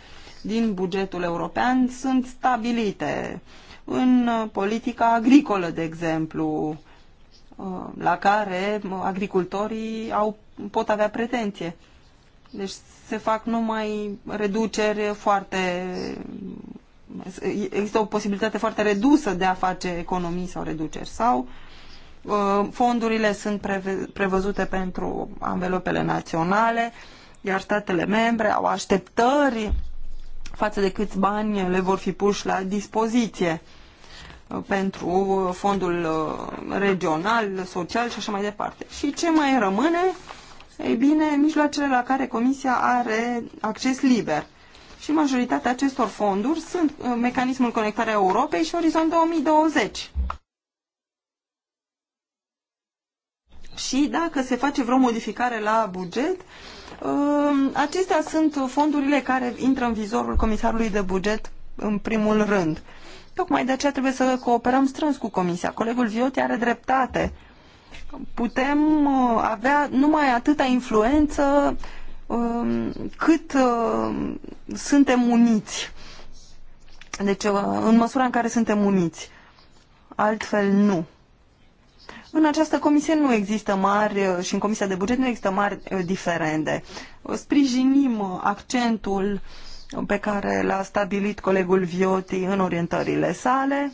din bugetul european sunt stabilite în politica agricolă, de exemplu, la care agricultorii au, pot avea pretenție. Deci se fac numai reduceri foarte... Există o posibilitate foarte redusă de a face economii sau reduceri. Sau Uh, fondurile sunt prevăzute pentru anvelopele naționale, iar statele membre au așteptări față de câți bani le vor fi puși la dispoziție uh, pentru fondul uh, regional, social și așa mai departe. Și ce mai rămâne? Ei bine, mijloacele la care Comisia are acces liber. Și majoritatea acestor fonduri sunt mecanismul conectarea Europei și Orizont 2020. și dacă se face vreo modificare la buget, um, acestea sunt fondurile care intră în vizorul comisarului de buget în primul rând. Tocmai de aceea trebuie să cooperăm strâns cu comisia. Colegul Vioti are dreptate. Putem uh, avea numai atâta influență um, cât uh, suntem uniți. Deci, uh, în măsura în care suntem uniți. Altfel, nu. În această comisie nu există mari, și în comisia de buget nu există mari uh, diferende. Sprijinim uh, accentul pe care l-a stabilit colegul Vioti în orientările sale.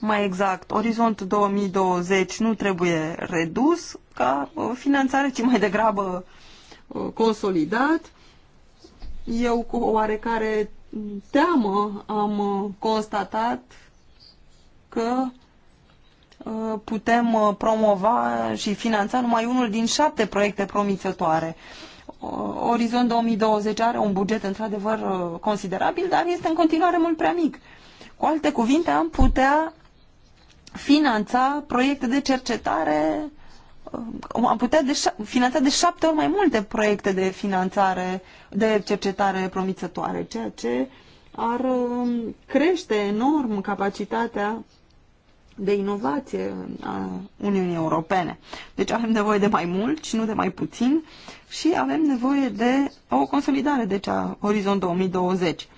Mai exact, orizont 2020 nu trebuie redus ca uh, finanțare, ci mai degrabă consolidat. Eu cu oarecare teamă am constatat că Uh, putem uh, promova și finanța numai unul din șapte proiecte promițătoare. Uh, Orizont 2020 are un buget într-adevăr considerabil, dar este în continuare mult prea mic. Cu alte cuvinte, am putea finanța proiecte de cercetare, am putea de finanța de șapte ori mai multe proiecte de finanțare, de cercetare promițătoare, ceea ce ar crește enorm capacitatea de inovație a Uniunii Europene. Deci avem nevoie de mai mult și nu de mai puțin și avem nevoie de o consolidare, deci a Horizon 2020.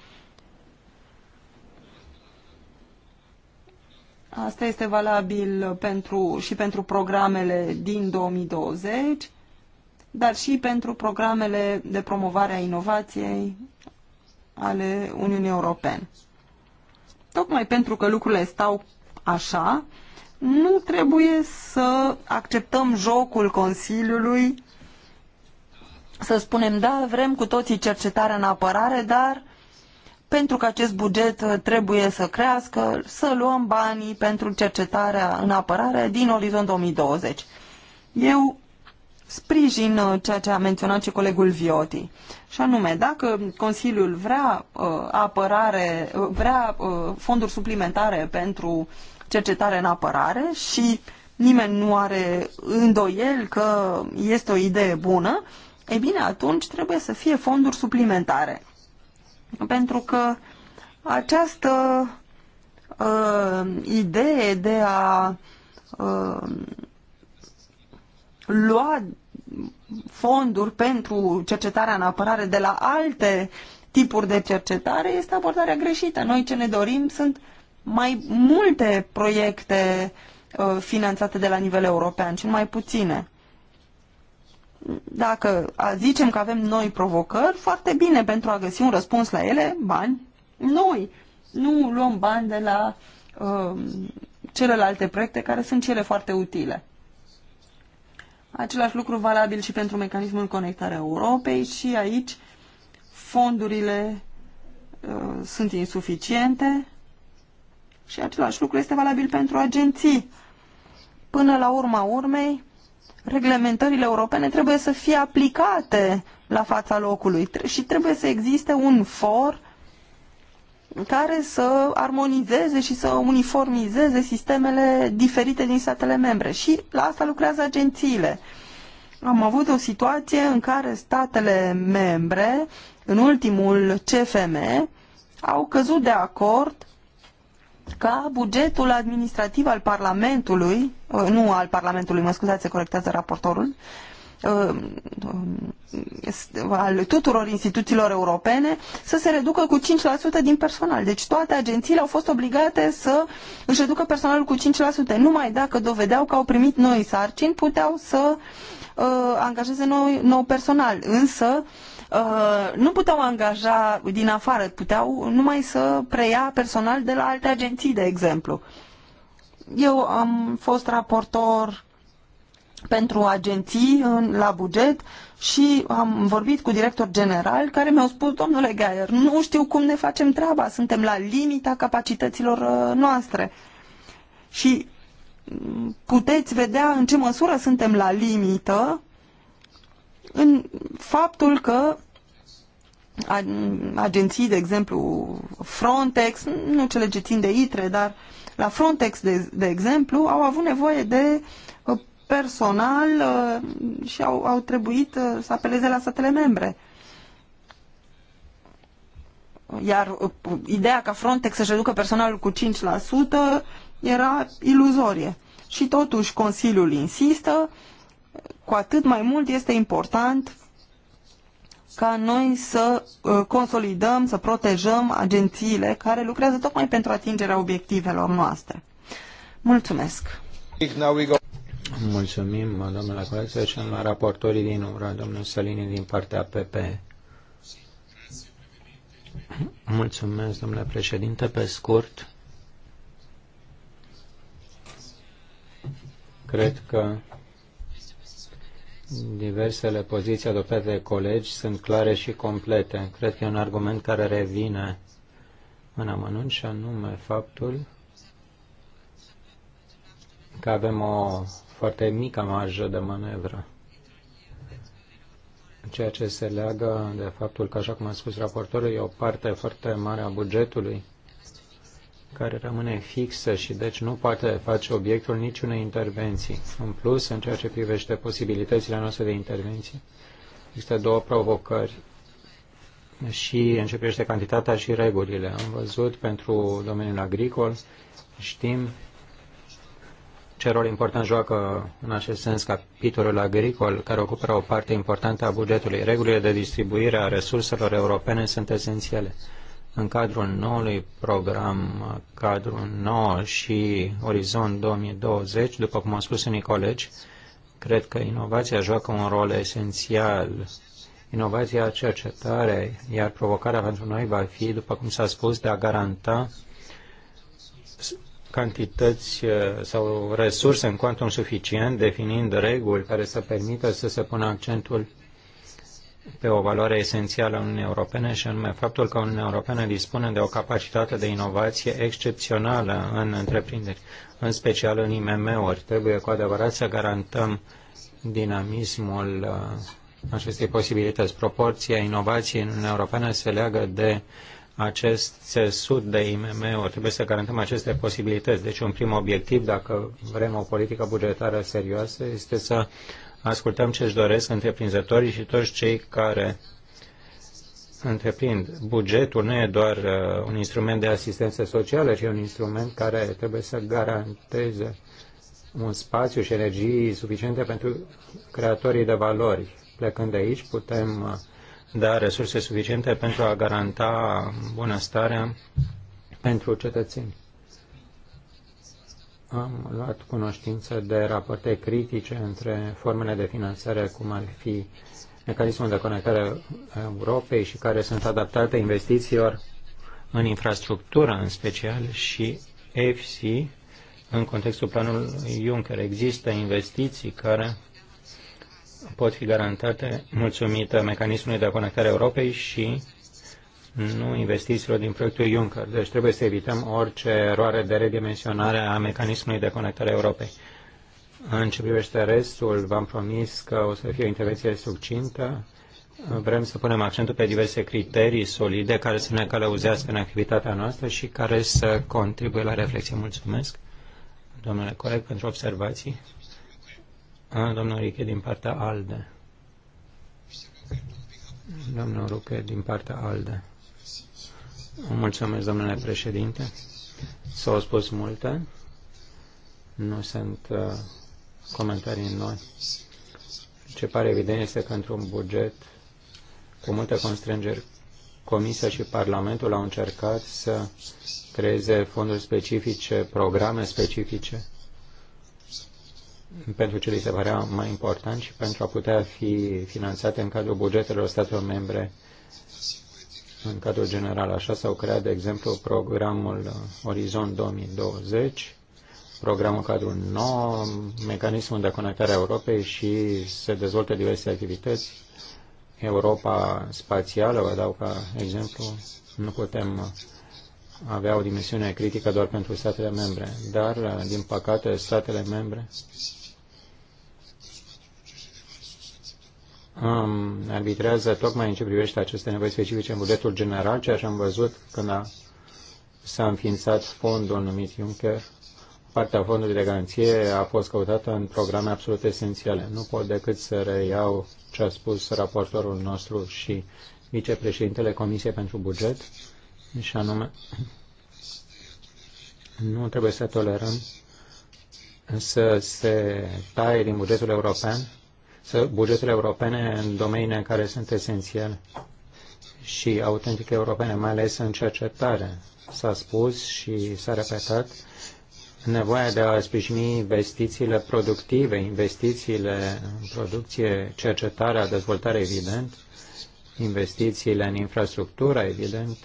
Asta este valabil pentru, și pentru programele din 2020, dar și pentru programele de promovare a inovației ale Uniunii Europene. Tocmai pentru că lucrurile stau așa, nu trebuie să acceptăm jocul Consiliului să spunem, da, vrem cu toții cercetarea în apărare, dar pentru că acest buget trebuie să crească, să luăm banii pentru cercetarea în apărare din orizont 2020. Eu sprijin uh, ceea ce a menționat și colegul Vioti. Și anume, dacă Consiliul vrea uh, apărare, uh, vrea uh, fonduri suplimentare pentru cercetare în apărare și nimeni nu are îndoiel că este o idee bună, ei bine, atunci trebuie să fie fonduri suplimentare. Pentru că această uh, idee de a uh, lua fonduri pentru cercetarea în apărare de la alte tipuri de cercetare este abordarea greșită. Noi ce ne dorim sunt mai multe proiecte uh, finanțate de la nivel european cel mai puține. Dacă zicem că avem noi provocări, foarte bine pentru a găsi un răspuns la ele, bani noi. Nu luăm bani de la uh, celelalte proiecte care sunt cele foarte utile. Același lucru valabil și pentru mecanismul conectarea Europei și aici fondurile uh, sunt insuficiente și același lucru este valabil pentru agenții. Până la urma urmei, reglementările europene trebuie să fie aplicate la fața locului și trebuie să existe un for care să armonizeze și să uniformizeze sistemele diferite din statele membre. Și la asta lucrează agențiile. Am avut o situație în care statele membre, în ultimul CFM, au căzut de acord ca bugetul administrativ al Parlamentului, uh, nu al Parlamentului, mă scuzați, se corectează raportorul, uh, Uh, um, al tuturor instituțiilor europene să se reducă cu 5% din personal. Deci toate agențiile au fost obligate să își reducă personalul cu 5%. Numai dacă dovedeau că au primit noi sarcini, puteau să uh, angajeze nou, nou personal. Însă uh, nu puteau angaja din afară, puteau numai să preia personal de la alte agenții, de exemplu. Eu am fost raportor pentru agenții la buget și am vorbit cu director general care mi-au spus, domnule Gaier, nu știu cum ne facem treaba, suntem la limita capacităților uh, noastre. Și mm, puteți vedea în ce măsură suntem la limită în faptul că agenții, de exemplu Frontex, nu cele ce țin de ITRE, dar la Frontex, de, de exemplu, au avut nevoie de uh, personal uh, și au, au trebuit uh, să apeleze la statele membre. Iar uh, ideea ca Frontex să-și reducă personalul cu 5% era iluzorie. Și totuși Consiliul insistă, cu atât mai mult este important ca noi să consolidăm, să protejăm agențiile care lucrează tocmai pentru atingerea obiectivelor noastre. Mulțumesc! Mulțumim, domnule Coață, și în raportorii din URA, domnul Salini din partea PP. Mulțumesc, domnule președinte, pe scurt. Cred că diversele poziții adoptate de colegi sunt clare și complete. Cred că e un argument care revine în amănunt și anume faptul că avem o foarte mică marjă de manevră. Ceea ce se leagă de faptul că, așa cum a spus raportorul, e o parte foarte mare a bugetului care rămâne fixă și deci nu poate face obiectul niciunei intervenții. În plus, în ceea ce privește posibilitățile noastre de intervenție, există două provocări și privește cantitatea și regulile. Am văzut pentru domeniul agricol, știm ce rol important joacă în acest sens capitolul agricol, care ocupă o parte importantă a bugetului. Regulile de distribuire a resurselor europene sunt esențiale. În cadrul noului program, cadrul 9 și Orizont 2020, după cum au spus unii colegi, cred că inovația joacă un rol esențial. Inovația, cercetare, iar provocarea pentru noi va fi, după cum s-a spus, de a garanta cantități uh, sau resurse în cuantum suficient, definind reguli care să permită să se pună accentul pe o valoare esențială a Uniunii Europene și anume faptul că Uniunea Europeană dispune de o capacitate de inovație excepțională în întreprinderi, în special în IMM-uri. Trebuie cu adevărat să garantăm dinamismul uh, acestei posibilități. Proporția inovației în Uniunea Europeană se leagă de uh, acest țesut de IMM-uri, trebuie să garantăm aceste posibilități. Deci un prim obiectiv, dacă vrem o politică bugetară serioasă, este să ascultăm ce își doresc întreprinzătorii și toți cei care întreprind. Bugetul nu e doar uh, un instrument de asistență socială, ci e un instrument care trebuie să garanteze un spațiu și energii suficiente pentru creatorii de valori. Plecând de aici, putem uh, da resurse suficiente pentru a garanta bunăstarea pentru cetățeni. Am luat cunoștință de rapoarte critice între formele de finanțare, cum ar fi mecanismul de conectare a Europei și care sunt adaptate investițiilor în infrastructură în special și EFSI în contextul planului Juncker. Există investiții care pot fi garantate mulțumită mecanismului de conectare a Europei și nu investițiilor din proiectul Juncker. Deci trebuie să evităm orice eroare de redimensionare a mecanismului de conectare a Europei. În ce privește restul, v-am promis că o să fie o intervenție succintă. Vrem să punem accentul pe diverse criterii solide care să ne călăuzească în activitatea noastră și care să contribuie la reflexie. Mulțumesc, domnule coleg, pentru observații. Domnul Riche din partea ALDE. Domnul Ruche din partea ALDE. Mulțumesc, domnule președinte. S-au spus multe. Nu sunt uh, comentarii noi. Ce pare evident este că într-un buget cu multe constrângeri, Comisia și Parlamentul au încercat să creeze fonduri specifice, programe specifice pentru ce li se părea mai important și pentru a putea fi finanțate în cadrul bugetelor statelor membre în cadrul general. Așa s-au creat, de exemplu, programul Orizont 2020, programul cadrul nou, mecanismul de conectare a Europei și se dezvoltă diverse activități. Europa spațială, vă dau ca exemplu, nu putem avea o dimensiune critică doar pentru statele membre, dar, din păcate, statele membre um, arbitrează tocmai în ce privește aceste nevoi specifice în bugetul general, ceea ce am văzut când a, s-a înființat fondul numit Juncker. Partea fondului de garanție a fost căutată în programe absolut esențiale. Nu pot decât să reiau ce a spus raportorul nostru și vicepreședintele Comisiei pentru Buget, și anume, nu trebuie să tolerăm să se taie din bugetul european bugetele europene în domeniile în care sunt esențiale și autentic europene, mai ales în cercetare. S-a spus și s-a repetat nevoia de a sprijini investițiile productive, investițiile în producție, cercetarea, dezvoltare, evident, investițiile în infrastructură, evident,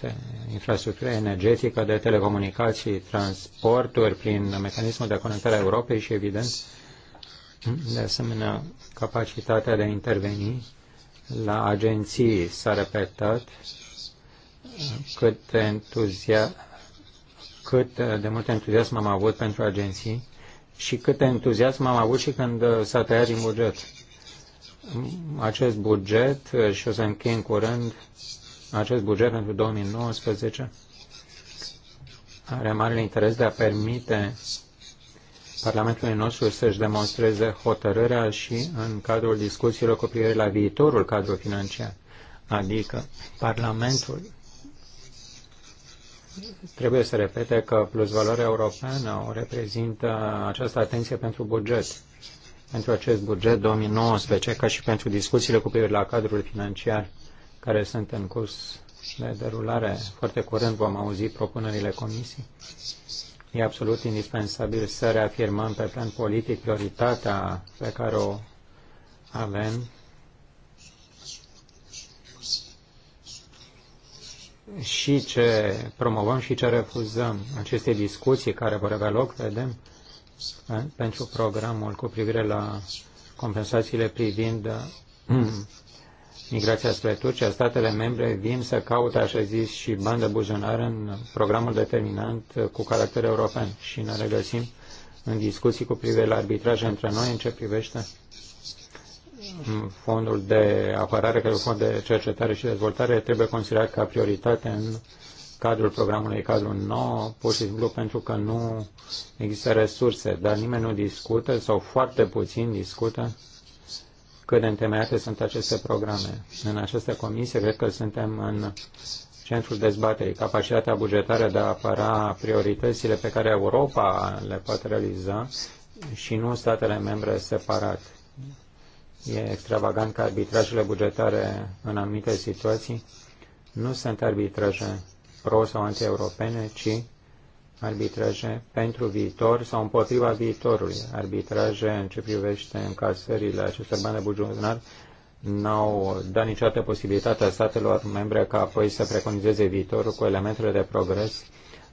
infrastructura energetică, de telecomunicații, transporturi prin mecanismul de conectare a Europei și, evident, de asemenea, capacitatea de a interveni la agenții s-a repetat cât, entuzia... cât de mult entuziasm am avut pentru agenții și cât entuziasm am avut și când s-a tăiat din buget. Acest buget, și o să închei în curând, acest buget pentru 2019 are mare interes de a permite Parlamentului nostru să-și demonstreze hotărârea și în cadrul discuțiilor cu privire la viitorul cadru financiar. Adică Parlamentul trebuie să repete că plusvaloarea europeană o reprezintă această atenție pentru buget, pentru acest buget 2019, ca și pentru discuțiile cu privire la cadrul financiar care sunt în curs de derulare. Foarte curând vom auzi propunerile comisiei E absolut indispensabil să reafirmăm pe plan politic prioritatea pe care o avem și ce promovăm și ce refuzăm. Aceste discuții care vor avea loc, vedem, pentru programul cu privire la compensațiile privind migrația spre Turcia, statele membre vin să caute, așa zis, și bani de buzunar în programul determinant cu caracter european și ne regăsim în discuții cu privire la arbitraj între noi în ce privește fondul de apărare, care e un fond de cercetare și dezvoltare, trebuie considerat ca prioritate în cadrul programului cadrul nou, pur și simplu pentru că nu există resurse, dar nimeni nu discută sau foarte puțin discută cât de întemeiate sunt aceste programe. În aceste comisie cred că suntem în centrul dezbaterii, capacitatea bugetară de a apăra prioritățile pe care Europa le poate realiza și nu statele membre separat. E extravagant că arbitrajele bugetare în anumite situații nu sunt arbitraje pro- sau anti-europene, ci arbitraje pentru viitor sau împotriva viitorului. Arbitraje în ce privește încasările acestor bani de bugetar n-au dat niciodată posibilitatea statelor membre ca apoi să preconizeze viitorul cu elementele de progres,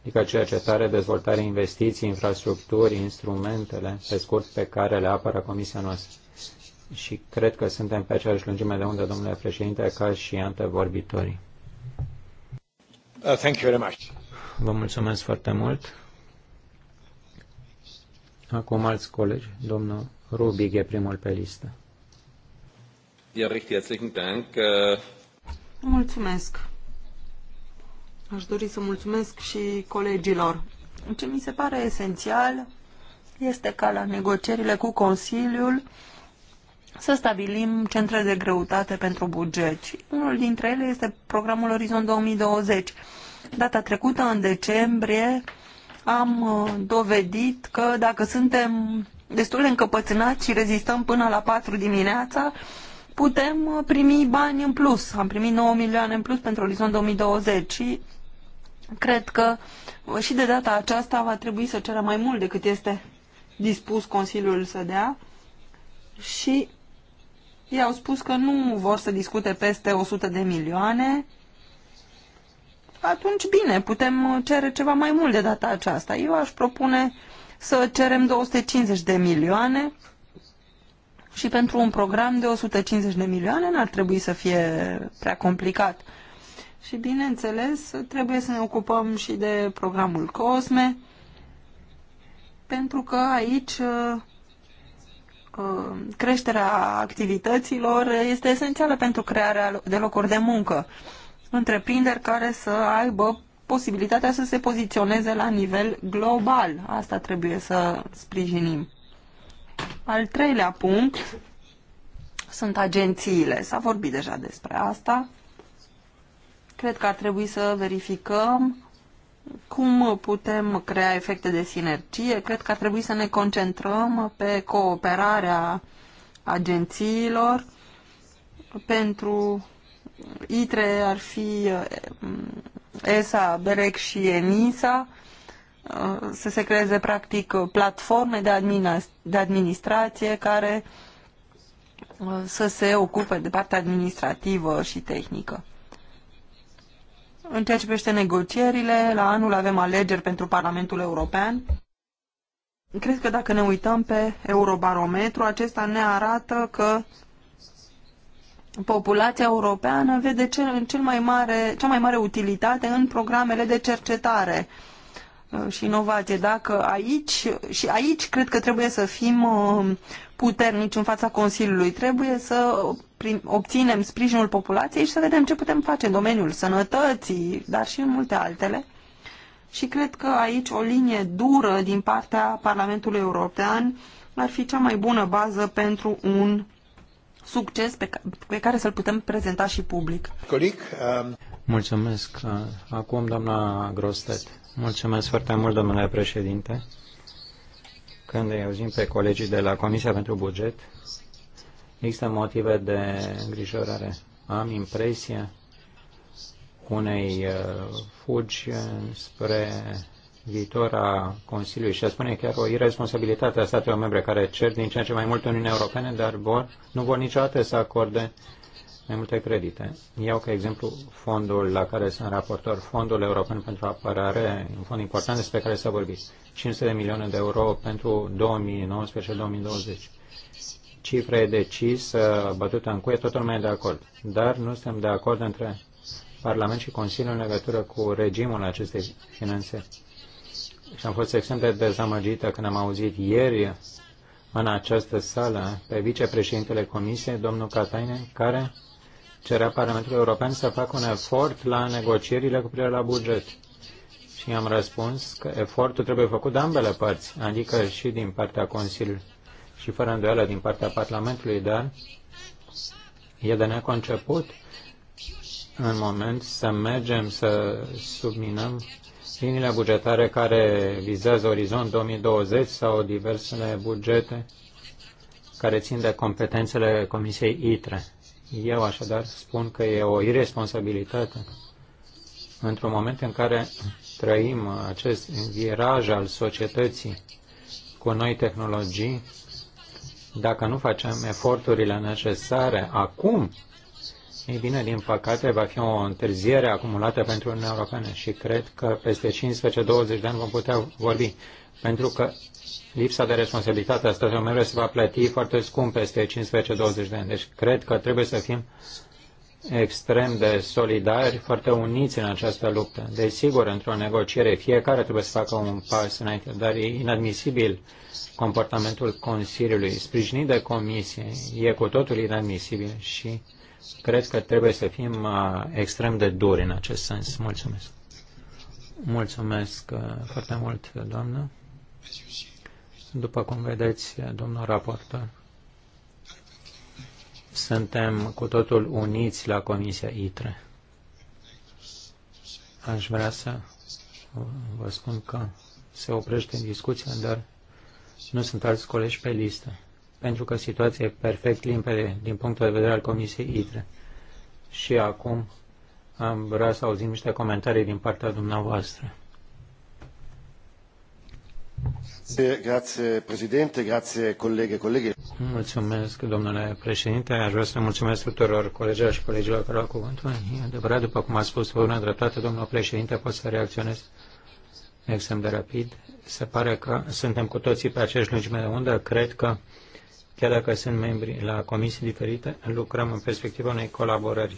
adică cercetare, dezvoltare, investiții, infrastructuri, instrumentele, pe scurt, pe care le apără Comisia noastră. Și cred că suntem pe aceeași lungime de unde domnule președinte, ca și antevorbitorii. Uh, thank you very much. Vă mulțumesc foarte mult. Acum alți colegi. Domnul Rubig e primul pe listă. Ja, recht herzlichen Dank. Äh, mulțumesc. Aș dori să mulțumesc și colegilor. Ce mi se pare esențial este ca la negocierile cu Consiliul să stabilim centre de greutate pentru buget. Și unul dintre ele este programul Orizont 2020. Data trecută, în decembrie, am uh, dovedit că dacă suntem destul de încăpățânați și rezistăm până la 4 dimineața, putem uh, primi bani în plus. Am primit 9 milioane în plus pentru Orizont 2020 și cred că uh, și de data aceasta va trebui să cerem mai mult decât este dispus Consiliul să dea și ei au spus că nu vor să discute peste 100 de milioane atunci bine, putem cere ceva mai mult de data aceasta. Eu aș propune să cerem 250 de milioane și pentru un program de 150 de milioane n-ar trebui să fie prea complicat. Și bineînțeles, trebuie să ne ocupăm și de programul COSME, pentru că aici uh, uh, creșterea activităților este esențială pentru crearea de locuri de muncă întreprinderi care să aibă posibilitatea să se poziționeze la nivel global. Asta trebuie să sprijinim. Al treilea punct sunt agențiile. S-a vorbit deja despre asta. Cred că ar trebui să verificăm cum putem crea efecte de sinergie. Cred că ar trebui să ne concentrăm pe cooperarea agențiilor pentru ITRE ar fi uh, ESA, BEREC și ENISA, uh, să se creeze practic platforme de administrație care uh, să se ocupe de partea administrativă și tehnică. În ceea ce privește negocierile, la anul avem alegeri pentru Parlamentul European. Cred că dacă ne uităm pe Eurobarometru, acesta ne arată că populația europeană vede cel, în cel mai mare, cea mai mare utilitate în programele de cercetare uh, și inovație. Dacă aici, și aici cred că trebuie să fim uh, puternici în fața Consiliului, trebuie să prim, obținem sprijinul populației și să vedem ce putem face în domeniul sănătății, dar și în multe altele. Și cred că aici o linie dură din partea Parlamentului European ar fi cea mai bună bază pentru un succes pe, pe care să-l putem prezenta și public. Colic, um... Mulțumesc. Acum, doamna Grostet. Mulțumesc foarte mult, domnule președinte. Când îi auzim pe colegii de la Comisia pentru Buget, există motive de îngrijorare. Am impresia unei uh, fugi spre viitor a Consiliului și a spune chiar o irresponsabilitate a statelor membre care cer din ce în ce mai mult Uniunea Europene, dar vor, nu vor niciodată să acorde mai multe credite. Iau ca exemplu fondul la care sunt raportor, Fondul European pentru Apărare, un fond important despre care s-a vorbit, 500 de milioane de euro pentru 2019-2020. Cifre decisă, uh, bătută în cuie, totul mai de acord. Dar nu suntem de acord între Parlament și Consiliu în legătură cu regimul acestei finanțe. Și am fost extrem de dezamăgită când am auzit ieri în această sală pe vicepreședintele Comisiei, domnul Katainen, care cerea Parlamentului European să facă un efort la negocierile cu privire la buget. Și am răspuns că efortul trebuie făcut de ambele părți, adică și din partea Consiliului și fără îndoială din partea Parlamentului, dar e de neconceput în moment să mergem să subminăm liniile bugetare care vizează Orizont 2020 sau diversele bugete care țin de competențele Comisiei ITRE. Eu așadar spun că e o irresponsabilitate într-un moment în care trăim acest viraj al societății cu noi tehnologii, dacă nu facem eforturile necesare acum ei bine, din păcate, va fi o întârziere acumulată pentru Uniunea Europeană și cred că peste 15-20 de ani vom putea vorbi, pentru că lipsa de responsabilitate a statelor membre se va plăti foarte scump peste 15-20 de ani. Deci cred că trebuie să fim extrem de solidari, foarte uniți în această luptă. Desigur, într-o negociere fiecare trebuie să facă un pas înainte, dar e inadmisibil comportamentul Consiliului, sprijinit de Comisie, e cu totul inadmisibil și Cred că trebuie să fim uh, extrem de duri în acest sens. Mulțumesc. Mulțumesc uh, foarte mult, doamnă. După cum vedeți, domnul raportor, suntem cu totul uniți la Comisia ITRE. Aș vrea să vă spun că se oprește în discuție, dar nu sunt alți colegi pe listă pentru că situația e perfect limpede din punctul de vedere al Comisiei ITRE. Și acum am vrea să auzim niște comentarii din partea dumneavoastră. Grazie, grazie, Mulțumesc, domnule președinte. Aș vrea să mulțumesc tuturor colegilor și colegilor care au cuvântul. E adevărat, după cum a spus pe urmă dreptate, domnul președinte, pot să reacționez extrem de rapid. Se pare că suntem cu toții pe aceeași lungime de undă. Cred că Chiar dacă sunt membri la comisii diferite, lucrăm în perspectiva unei colaborări.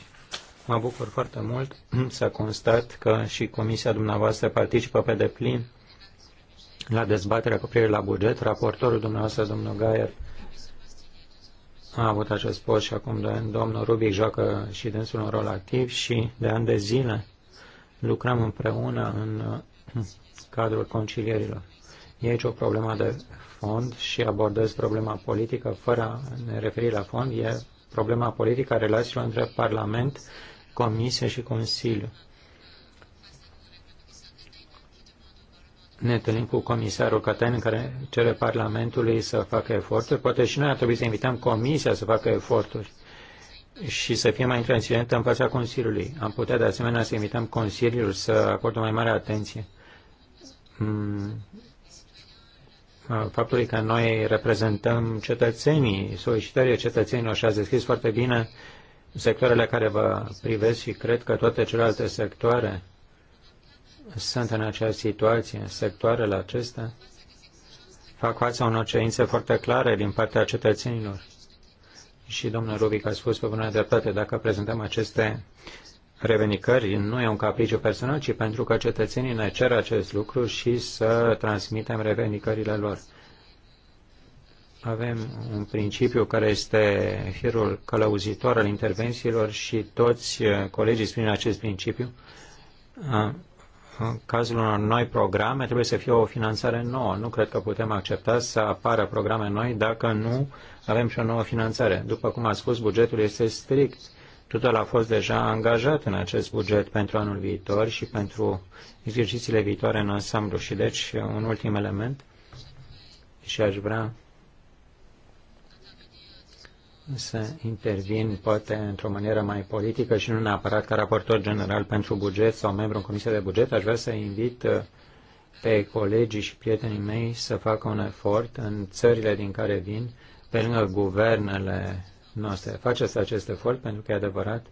Mă bucur foarte mult să constat că și comisia dumneavoastră participă pe deplin la dezbaterea cu privire la buget. Raportorul dumneavoastră, domnul Gaier, a avut acest post și acum de ani. Domnul Rubic joacă și dânsul un rol activ și de ani de zile lucrăm împreună în cadrul concilierilor. E aici o problemă de fond și abordez problema politică fără a ne referi la fond, e problema politică a relațiilor între Parlament, Comisie și Consiliu. Ne întâlnim cu comisarul Cătăin care cere Parlamentului să facă eforturi. Poate și noi ar trebui să invităm Comisia să facă eforturi și să fie mai intransigentă în fața Consiliului. Am putea de asemenea să invităm Consiliul să acorde mai mare atenție mm, faptului că noi reprezentăm cetățenii, solicitările cetățenilor și ați deschis foarte bine sectoarele care vă privesc și cred că toate celelalte sectoare sunt în acea situație. Sectoarele acestea fac fața unor cerințe foarte clare din partea cetățenilor. Și domnul Rubic a spus pe bună dreptate, dacă prezentăm aceste revenicării nu e un capriciu personal, ci pentru că cetățenii ne cer acest lucru și să transmitem revenicările lor. Avem un principiu care este firul călăuzitor al intervențiilor și toți colegii spun acest principiu. În cazul unor noi programe trebuie să fie o finanțare nouă. Nu cred că putem accepta să apară programe noi dacă nu avem și o nouă finanțare. După cum a spus, bugetul este strict Totul a fost deja angajat în acest buget pentru anul viitor și pentru exercițiile viitoare în ansamblu. Și deci, un ultim element și aș vrea să intervin poate într-o manieră mai politică și nu neapărat ca raportor general pentru buget sau membru în Comisia de Buget, aș vrea să invit uh, pe colegii și prietenii mei să facă un efort în țările din care vin, pe lângă guvernele noastre. Faceți acest efort pentru că e adevărat,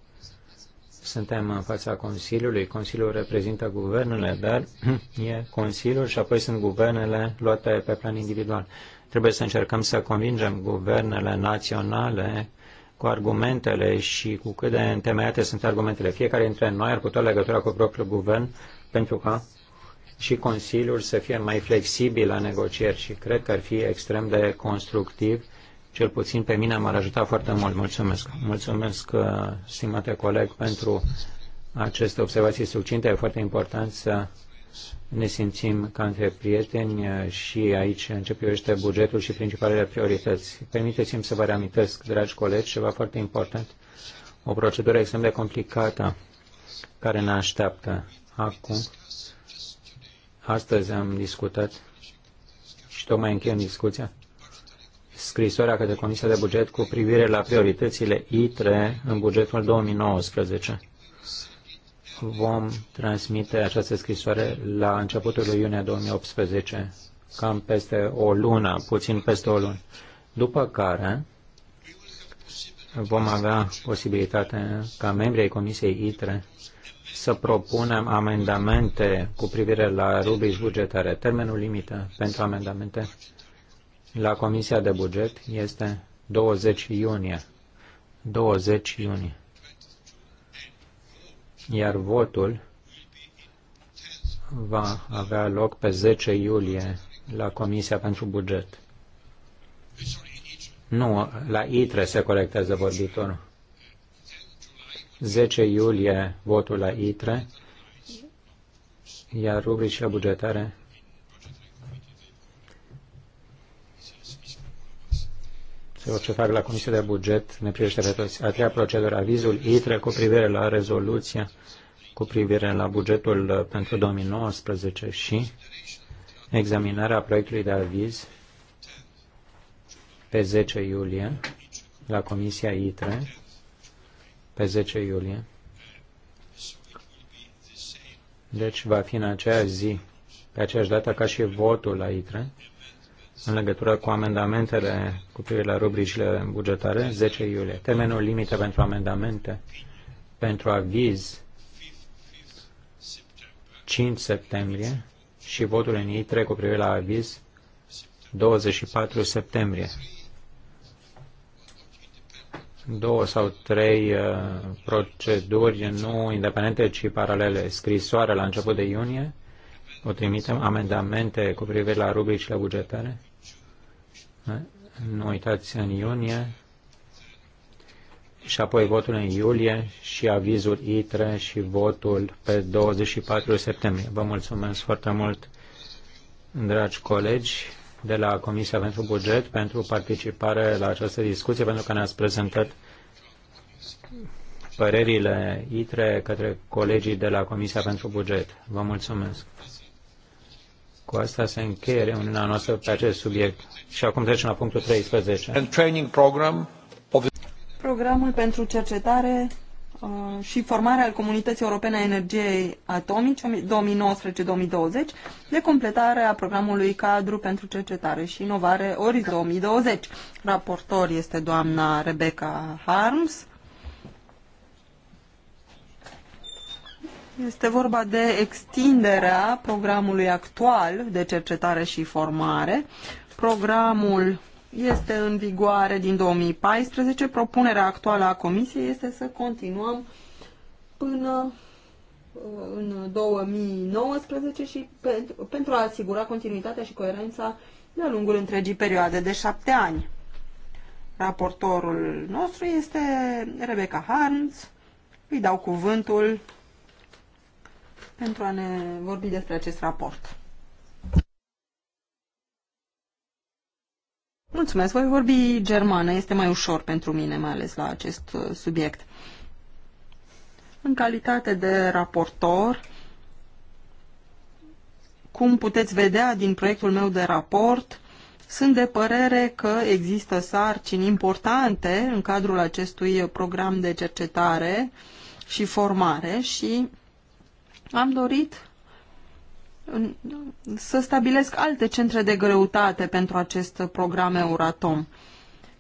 suntem în fața Consiliului. Consiliul reprezintă guvernele, dar e Consiliul și apoi sunt guvernele luate pe plan individual. Trebuie să încercăm să convingem guvernele naționale cu argumentele și cu cât de întemeiate sunt argumentele. Fiecare dintre noi ar putea legătura cu propriul guvern pentru ca și Consiliul să fie mai flexibil la negocieri și cred că ar fi extrem de constructiv cel puțin pe mine m-ar ajuta foarte mult. Mulțumesc. Mulțumesc, uh, stimate coleg, pentru aceste observații succinte. E foarte important să ne simțim ca între prieteni uh, și aici în ce privește bugetul și principalele priorități. Permiteți-mi să vă reamintesc, dragi colegi, ceva foarte important, o procedură extrem de complicată care ne așteaptă acum. Astăzi am discutat și tocmai încheiem discuția scrisoarea către Comisia de Buget cu privire la prioritățile ITRE în bugetul 2019. Vom transmite această scrisoare la începutul lui iunie 2018, cam peste o lună, puțin peste o lună. După care vom avea posibilitatea ca membrii ai Comisiei ITRE să propunem amendamente cu privire la rubrici bugetare. Termenul limită pentru amendamente la Comisia de Buget este 20 iunie. 20 iunie. Iar votul va avea loc pe 10 iulie la Comisia pentru Buget. Nu, la ITRE se colectează vorbitorul. 10 iulie votul la ITRE, iar rubricile bugetare Ce fac la Comisia de Buget ne privește pe toți. A treia procedură, avizul ITRE cu privire la rezoluția cu privire la bugetul uh, pentru 2019 și examinarea proiectului de aviz pe 10 iulie la Comisia ITRE pe 10 iulie. Deci va fi în aceeași zi, pe aceeași dată ca și votul la ITRE în legătură cu amendamentele cu privire la rubricile bugetare, 10 iulie. Termenul limită pentru amendamente, pentru aviz, 5 septembrie și votul în trec cu privire la aviz, 24 septembrie. Două sau trei uh, proceduri nu independente, ci paralele. Scrisoare la început de iunie, o trimitem amendamente cu privire la rubricile bugetare nu uitați, în iunie și apoi votul în iulie și avizul ITRE și votul pe 24 septembrie. Vă mulțumesc foarte mult, dragi colegi de la Comisia pentru Buget, pentru participare la această discuție, pentru că ne-ați prezentat părerile ITRE către colegii de la Comisia pentru Buget. Vă mulțumesc! Cu asta se încheie reuniunea noastră pe acest subiect. Și acum trecem la punctul 13. And training program of... Programul pentru cercetare uh, și formare al Comunității Europene a Energiei Atomice 2019-2020 de completare a programului cadru pentru cercetare și inovare Orizont 2020. Raportor este doamna Rebecca Harms. Este vorba de extinderea programului actual de cercetare și formare. Programul este în vigoare din 2014. Propunerea actuală a Comisiei este să continuăm până uh, în 2019 și pentru, pentru a asigura continuitatea și coerența de-a lungul întregii perioade de șapte ani. Raportorul nostru este Rebecca Harms. Îi dau cuvântul pentru a ne vorbi despre acest raport. Mulțumesc, voi vorbi germană, este mai ușor pentru mine, mai ales la acest uh, subiect. În calitate de raportor, cum puteți vedea din proiectul meu de raport, sunt de părere că există sarcini importante în cadrul acestui program de cercetare și formare și am dorit să stabilesc alte centre de greutate pentru acest program Euratom.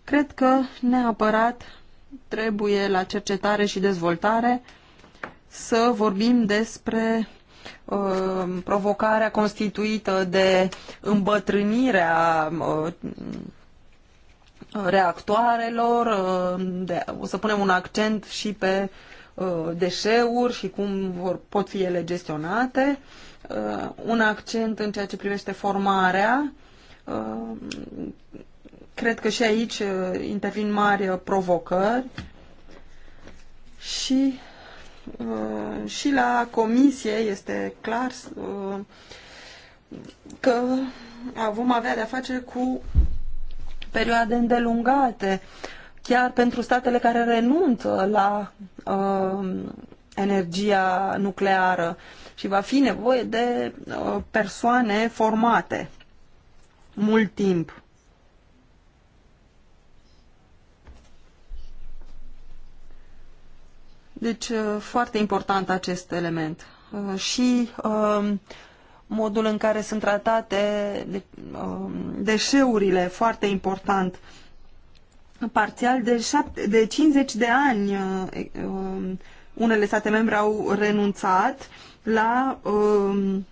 Cred că neapărat trebuie la cercetare și dezvoltare să vorbim despre uh, provocarea constituită de îmbătrânirea uh, reactoarelor, uh, de, o să punem un accent și pe uh, Uh, deșeuri și cum vor, pot fi ele gestionate, uh, un accent în ceea ce privește formarea. Uh, cred că și aici intervin mari provocări și și la comisie este clar că vom avea de-a face cu perioade îndelungate chiar pentru statele care renunță la uh, energia nucleară și va fi nevoie de uh, persoane formate mult timp. Deci, uh, foarte important acest element. Uh, și uh, modul în care sunt tratate deșeurile, foarte important parțial de, șapte, de 50 de ani. Uh, uh, unele state membre au renunțat la um,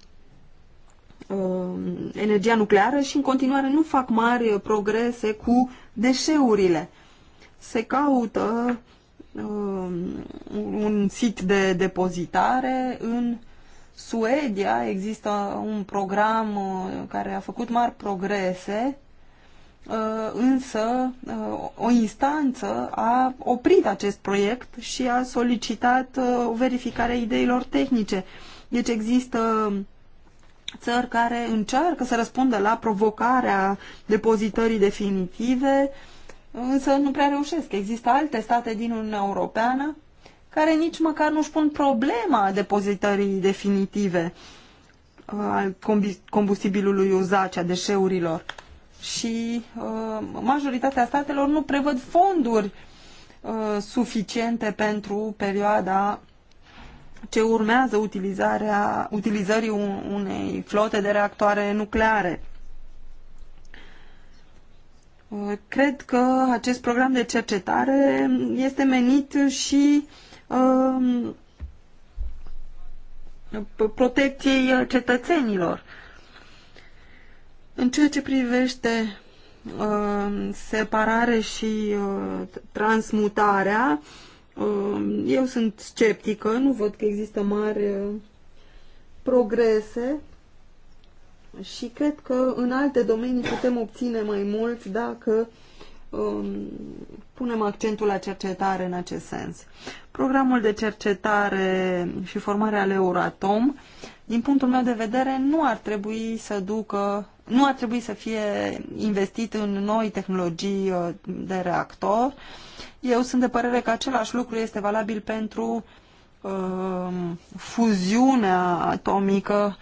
um, energia nucleară și în continuare nu fac mari progrese cu deșeurile. Se caută um, un sit de depozitare în Suedia există un program uh, care a făcut mari progrese Uh, însă uh, o instanță a oprit acest proiect și a solicitat o uh, verificare a ideilor tehnice. Deci există țări care încearcă să răspundă la provocarea depozitării definitive, însă nu prea reușesc. Există alte state din Uniunea Europeană care nici măcar nu-și pun problema depozitării definitive al combustibilului uzat, a deșeurilor și uh, majoritatea statelor nu prevăd fonduri uh, suficiente pentru perioada ce urmează utilizarea, utilizării unei flote de reactoare nucleare. Uh, cred că acest program de cercetare este menit și um, protecției cetățenilor. În ceea ce privește uh, separare și uh, transmutarea, uh, eu sunt sceptică, nu văd că există mari uh, progrese și cred că în alte domenii putem obține mai mult dacă um, punem accentul la cercetare în acest sens. Programul de cercetare și formare al Euratom, din punctul meu de vedere, nu ar trebui să ducă nu ar trebui să fie investit în noi tehnologii uh, de reactor. Eu sunt de părere că același lucru este valabil pentru uh, fuziunea atomică,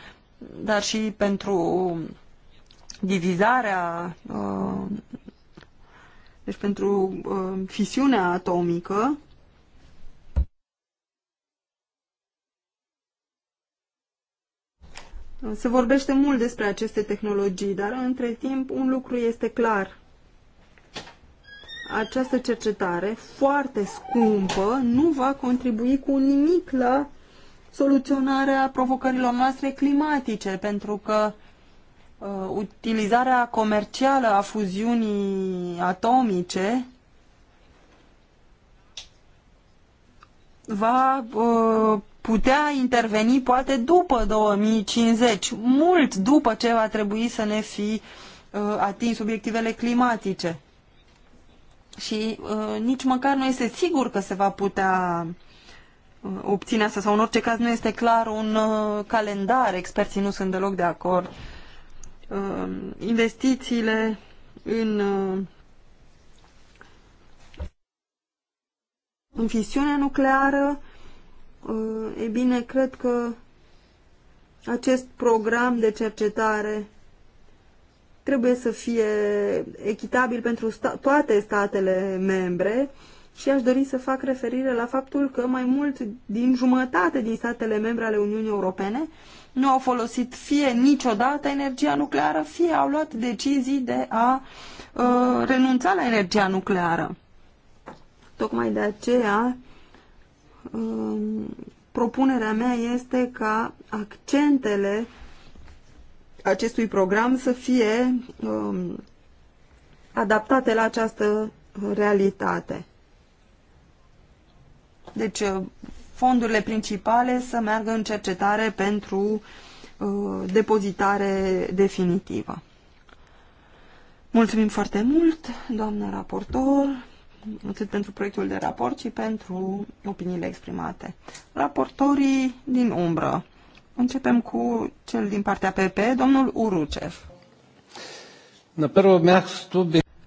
dar și pentru divizarea, uh, deci pentru uh, fisiunea atomică. Se vorbește mult despre aceste tehnologii, dar între timp un lucru este clar. Această cercetare foarte scumpă nu va contribui cu nimic la soluționarea provocărilor noastre climatice, pentru că uh, utilizarea comercială a fuziunii atomice va uh, putea interveni poate după 2050, mult după ce va trebui să ne fi uh, atins obiectivele climatice. Și uh, nici măcar nu este sigur că se va putea uh, obține asta, sau în orice caz nu este clar un uh, calendar, experții nu sunt deloc de acord. Uh, investițiile în uh, în fisiunea nucleară Uh, e bine, cred că acest program de cercetare trebuie să fie echitabil pentru sta toate statele membre și aș dori să fac referire la faptul că mai mult din jumătate din statele membre ale Uniunii Europene nu au folosit fie niciodată energia nucleară, fie au luat decizii de a uh, renunța la energia nucleară. Tocmai de aceea Um, propunerea mea este ca accentele acestui program să fie um, adaptate la această realitate. Deci, uh, fondurile principale să meargă în cercetare pentru uh, depozitare definitivă. Mulțumim foarte mult, doamnă raportor, atât pentru proiectul de raport, ci pentru opiniile exprimate. Raportorii din umbră. Începem cu cel din partea PP, domnul Urucev.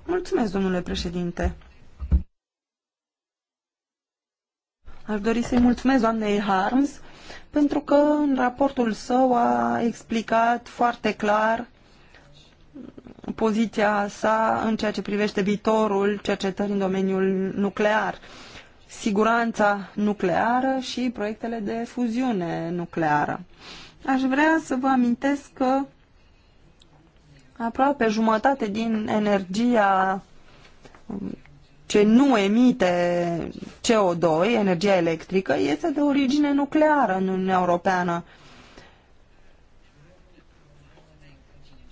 Mulțumesc, domnule președinte. Aș dori să-i mulțumesc doamnei Harms pentru că în raportul său a explicat foarte clar poziția sa în ceea ce privește viitorul cercetării în domeniul nuclear, siguranța nucleară și proiectele de fuziune nucleară. Aș vrea să vă amintesc că aproape jumătate din energia um, ce nu emite CO2, energia electrică, este de origine nucleară în Uniunea Europeană.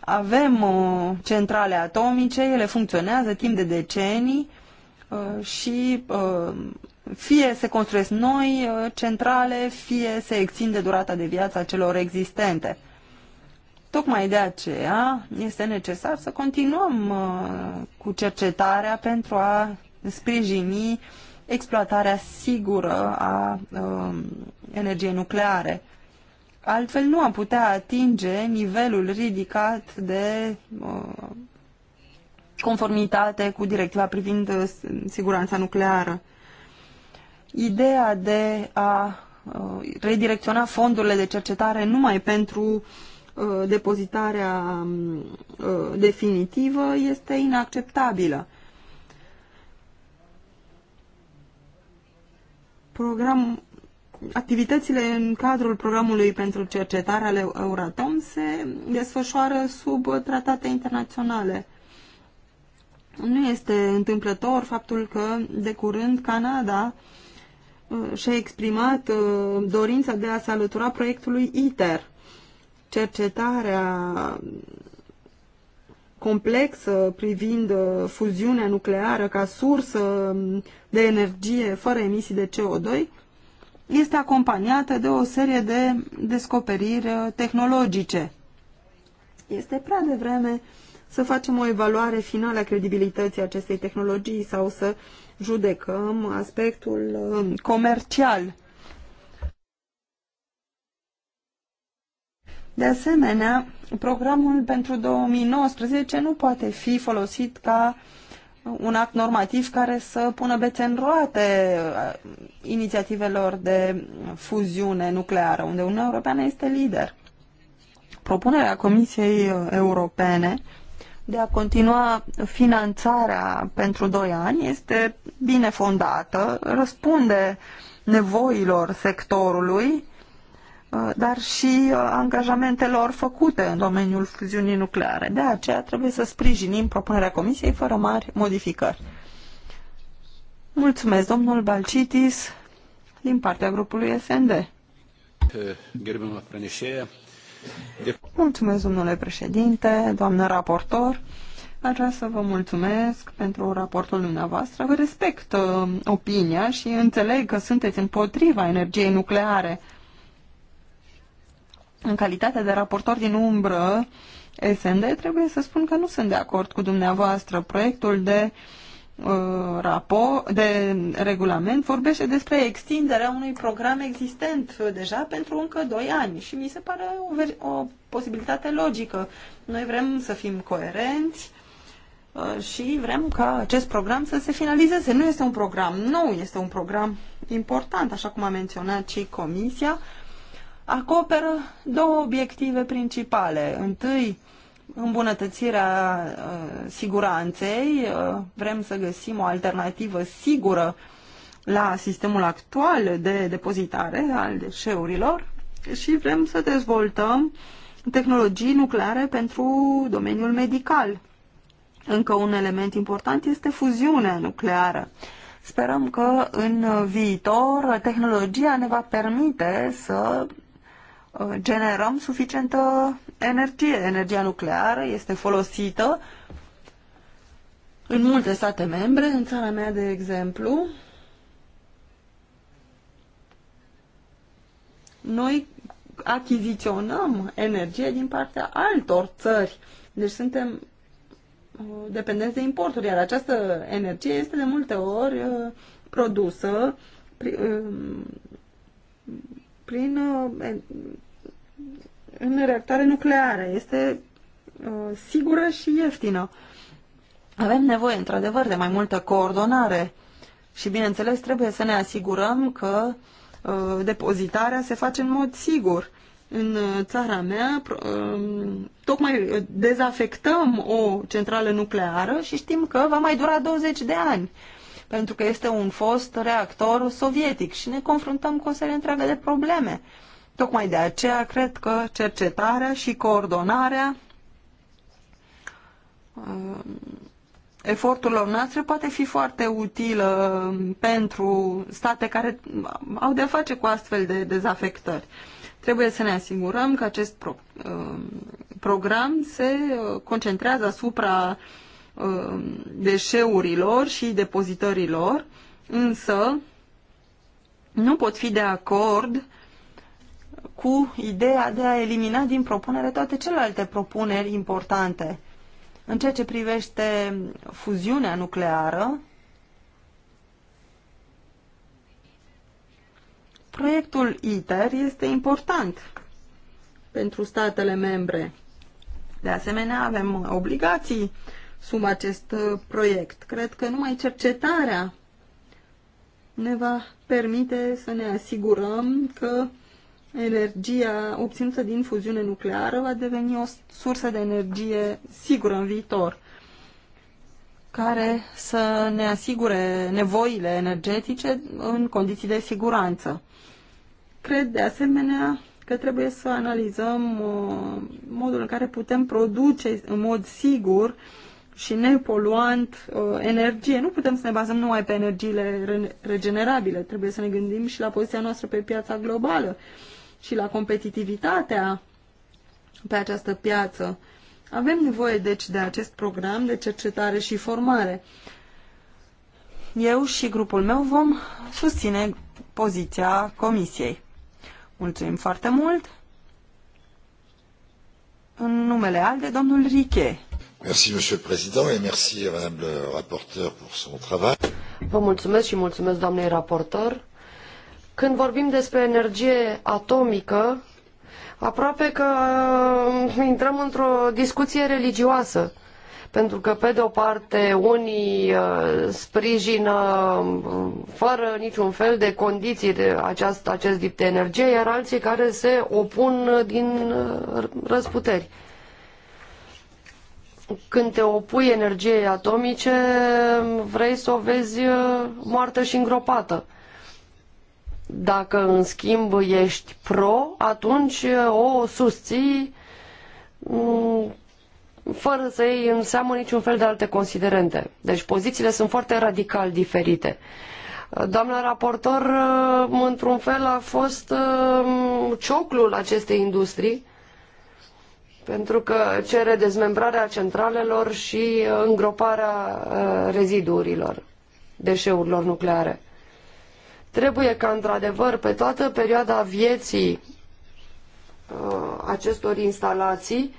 Avem uh, centrale atomice, ele funcționează timp de decenii uh, și uh, fie se construiesc noi uh, centrale, fie se extinde durata de viață a celor existente. Tocmai de aceea este necesar să continuăm uh, cu cercetarea pentru a sprijini exploatarea sigură a uh, energiei nucleare. Altfel nu am putea atinge nivelul ridicat de uh, conformitate cu directiva privind uh, siguranța nucleară. Ideea de a uh, redirecționa fondurile de cercetare numai pentru uh, depozitarea uh, definitivă este inacceptabilă. program, activitățile în cadrul programului pentru cercetare ale Euratom se desfășoară sub tratate internaționale. Nu este întâmplător faptul că de curând Canada uh, și-a exprimat uh, dorința de a se alătura proiectului ITER. Cercetarea complexă privind uh, fuziunea nucleară ca sursă de energie fără emisii de CO2 este acompaniată de o serie de descoperiri uh, tehnologice. Este prea devreme să facem o evaluare finală a credibilității acestei tehnologii sau să judecăm aspectul uh, comercial. De asemenea, programul pentru 2019 nu poate fi folosit ca uh, un act normativ care să pună bețe în roate uh, inițiativelor de fuziune nucleară, unde Uniunea Europeană este lider. Propunerea Comisiei Europene de a continua finanțarea pentru 2 ani este bine fondată, răspunde nevoilor sectorului Uh, dar și uh, angajamentelor făcute în domeniul fuziunii nucleare. De aceea trebuie să sprijinim propunerea Comisiei fără mari modificări. Mulțumesc, domnul Balcitis, din partea grupului SND. Mulțumesc, domnule președinte, doamnă raportor. Aș vrea să vă mulțumesc pentru raportul dumneavoastră. Vă respect uh, opinia și înțeleg că sunteți împotriva energiei nucleare. În calitate de raportor din umbră, SND, trebuie să spun că nu sunt de acord cu dumneavoastră. Proiectul de uh, raport, de regulament vorbește despre extinderea unui program existent deja pentru încă 2 ani și mi se pare o, o posibilitate logică. Noi vrem să fim coerenți uh, și vrem ca acest program să se finalizeze. Nu este un program nou, este un program important, așa cum a menționat și Comisia, uh, acoperă două obiective principale. Întâi, îmbunătățirea uh, siguranței. Uh, vrem să găsim o alternativă sigură la sistemul actual de depozitare al deșeurilor și vrem să dezvoltăm tehnologii nucleare pentru domeniul medical. Încă un element important este fuziunea nucleară. Sperăm că în viitor tehnologia ne va permite să Uh, generăm suficientă energie. Energia nucleară este folosită în multe state membre, în țara mea, de exemplu. Noi achiziționăm energie din partea altor țări. Deci suntem uh, dependenți de importuri, iar această energie este de multe ori uh, produsă prin, prin în reactoare nucleare. Este uh, sigură și ieftină. Avem nevoie, într-adevăr, de mai multă coordonare și, bineînțeles, trebuie să ne asigurăm că uh, depozitarea se face în mod sigur. În uh, țara mea, um, tocmai dezafectăm o centrală nucleară și știm că va mai dura 20 de ani pentru că este un fost reactor sovietic și ne confruntăm cu o serie întreagă de probleme. Tocmai de aceea cred că cercetarea și coordonarea uh, eforturilor noastre poate fi foarte utilă um, pentru state care uh, au de-a face cu astfel de dezafectări. Trebuie să ne asigurăm că acest pro, um, program se uh, concentrează asupra um, deșeurilor și depozitărilor, însă nu pot fi de acord cu ideea de a elimina din propunere toate celelalte propuneri importante. În ceea ce privește fuziunea nucleară, proiectul ITER este important pentru statele membre. De asemenea, avem obligații sub acest proiect. Cred că numai cercetarea ne va permite să ne asigurăm că energia obținută din fuziune nucleară va deveni o sursă de energie sigură în viitor, care să ne asigure nevoile energetice în condiții de siguranță. Cred de asemenea că trebuie să analizăm uh, modul în care putem produce în mod sigur și nepoluant uh, energie. Nu putem să ne bazăm numai pe energiile regenerabile, trebuie să ne gândim și la poziția noastră pe piața globală și la competitivitatea pe această piață. Avem nevoie, deci, de acest program de cercetare și formare. Eu și grupul meu vom susține poziția Comisiei. Mulțumim foarte mult! În numele al de domnul Riche. Merci, Monsieur le Président, et merci, Madame le Rapporteur, pour son travail. Vă mulțumesc și mulțumesc, doamnei raportor, când vorbim despre energie atomică, aproape că uh, intrăm într-o discuție religioasă. Pentru că, pe de o parte, unii uh, sprijină uh, fără niciun fel de condiții de aceast, acest tip de energie, iar alții care se opun din răsputeri. Când te opui energiei atomice, vrei să o vezi moartă și îngropată. Dacă, în schimb, ești pro, atunci uh, o susții mm, fără să iei în seamă niciun fel de alte considerente. Deci pozițiile sunt foarte radical diferite. Uh, doamna raportor, uh, într-un fel, a fost cioclul acestei industrii, pentru că cere dezmembrarea centralelor și îngroparea reziduurilor, deșeurilor nucleare. Trebuie ca, într-adevăr, pe toată perioada vieții uh, acestor instalații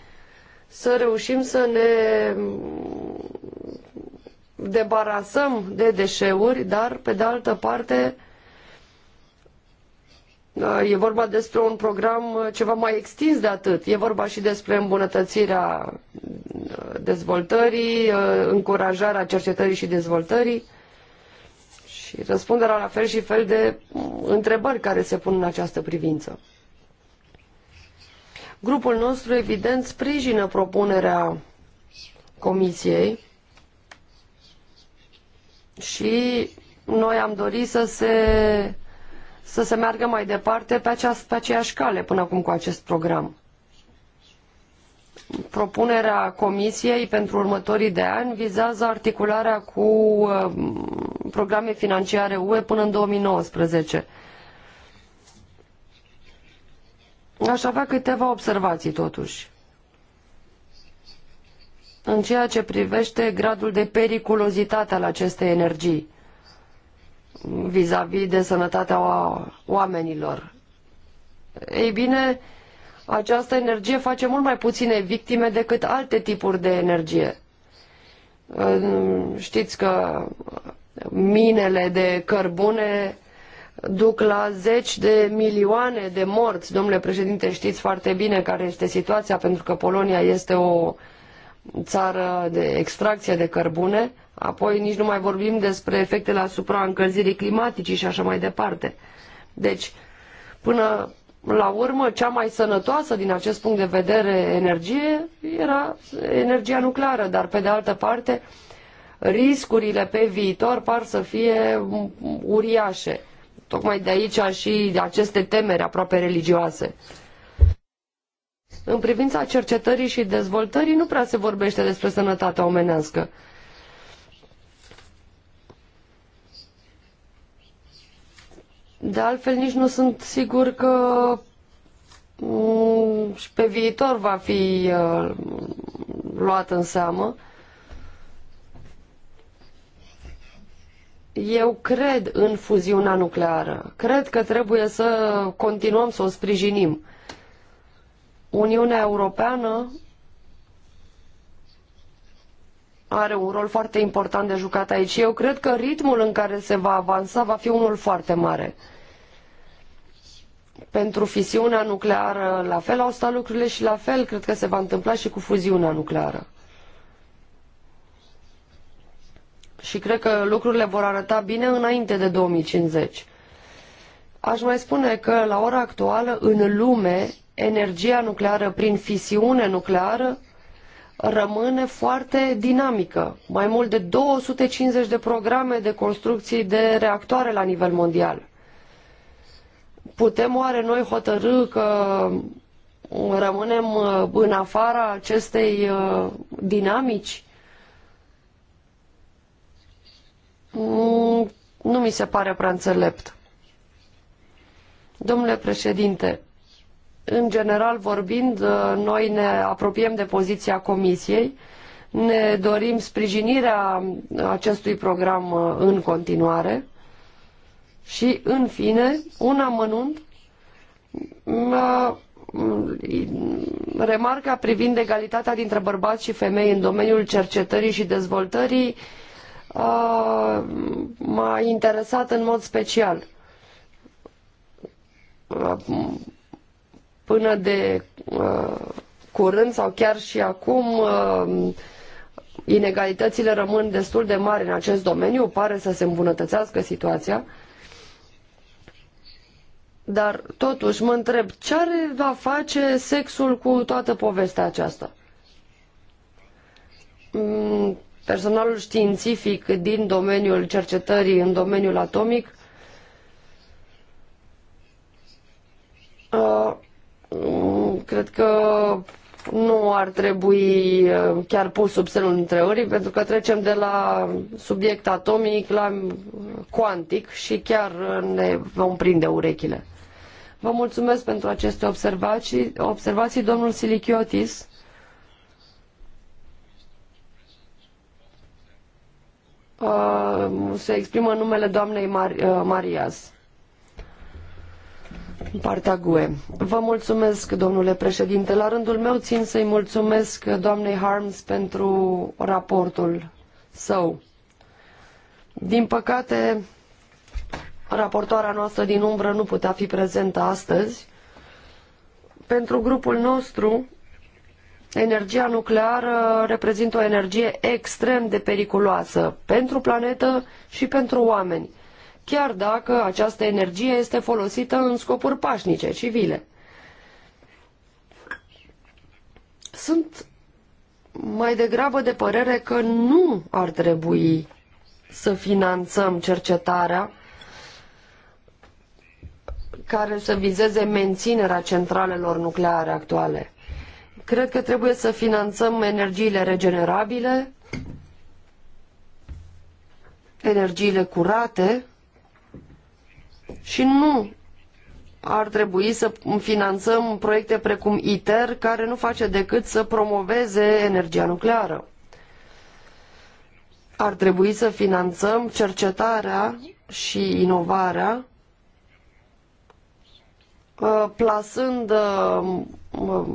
să reușim să ne mm, debarasăm de deșeuri, dar, pe de altă parte, uh, e vorba despre un program uh, ceva mai extins de atât. E vorba și despre îmbunătățirea dezvoltării, încurajarea cercetării și dezvoltării și răspunderea la, la fel și fel de mm, întrebări care se pun în această privință. Grupul nostru, evident, sprijină propunerea Comisiei și noi am dorit să se, să se meargă mai departe pe, aceast, pe aceeași cale până acum cu acest program propunerea Comisiei pentru următorii de ani vizează articularea cu uh, programe financiare UE până în 2019. Aș avea câteva observații totuși. În ceea ce privește gradul de periculozitate al acestei energii vis-a-vis -vis de sănătatea oamenilor. Ei bine, această energie face mult mai puține victime decât alte tipuri de energie. Știți că minele de cărbune duc la zeci de milioane de morți. Domnule președinte, știți foarte bine care este situația, pentru că Polonia este o țară de extracție de cărbune, apoi nici nu mai vorbim despre efectele asupra încălzirii climatice și așa mai departe. Deci, până Până la urmă, cea mai sănătoasă din acest punct de vedere energie era energia nucleară, dar pe de altă parte riscurile pe viitor par să fie uriașe. Tocmai de aici și de aceste temeri aproape religioase. În privința cercetării și dezvoltării nu prea se vorbește despre sănătatea omenească. De altfel, nici nu sunt sigur că mm, și pe viitor va fi uh, luat în seamă. Eu cred în fuziunea nucleară. Cred că trebuie să continuăm să o sprijinim. Uniunea Europeană are un rol foarte important de jucat aici. Eu cred că ritmul în care se va avansa va fi unul foarte mare. Pentru fisiunea nucleară la fel au stat lucrurile și la fel cred că se va întâmpla și cu fuziunea nucleară. Și cred că lucrurile vor arăta bine înainte de 2050. Aș mai spune că la ora actuală în lume energia nucleară prin fisiune nucleară rămâne foarte dinamică. Mai mult de 250 de programe de construcții de reactoare la nivel mondial. Putem oare noi hotărâ că rămânem uh, în afara acestei uh, dinamici? Mm, nu mi se pare prea înțelept. Domnule președinte, în general vorbind, uh, noi ne apropiem de poziția Comisiei, ne dorim sprijinirea acestui program uh, în continuare și, în fine, un amănunt, uh, remarca privind egalitatea dintre bărbați și femei în domeniul cercetării și dezvoltării m-a interesat în mod special Până de uh, curând sau chiar și acum uh, inegalitățile rămân destul de mari în acest domeniu, pare să se îmbunătățească situația. Dar totuși mă întreb, ce are va face sexul cu toată povestea aceasta? Mm, personalul științific din domeniul cercetării în domeniul atomic uh, Mm, cred că nu ar trebui uh, chiar pus sub semnul întrebării, pentru că trecem de la subiect atomic la uh, cuantic și chiar uh, ne vom prinde urechile. Vă mulțumesc pentru aceste observații. Observații, domnul Silichiotis. Se exprimă numele doamnei Mar Marias partea GUE. Vă mulțumesc, domnule președinte. La rândul meu țin să-i mulțumesc doamnei Harms pentru raportul său. Din păcate, raportoarea noastră din umbră nu putea fi prezentă astăzi. Pentru grupul nostru, energia nucleară reprezintă o energie extrem de periculoasă pentru planetă și pentru oameni chiar dacă această energie este folosită în scopuri pașnice, civile. Sunt mai degrabă de părere că nu ar trebui să finanțăm cercetarea care să vizeze menținerea centralelor nucleare actuale. Cred că trebuie să finanțăm energiile regenerabile, energiile curate, și nu ar trebui să finanțăm proiecte precum ITER, care nu face decât să promoveze energia nucleară. Ar trebui să finanțăm cercetarea și inovarea, ă, plasând ă, ă,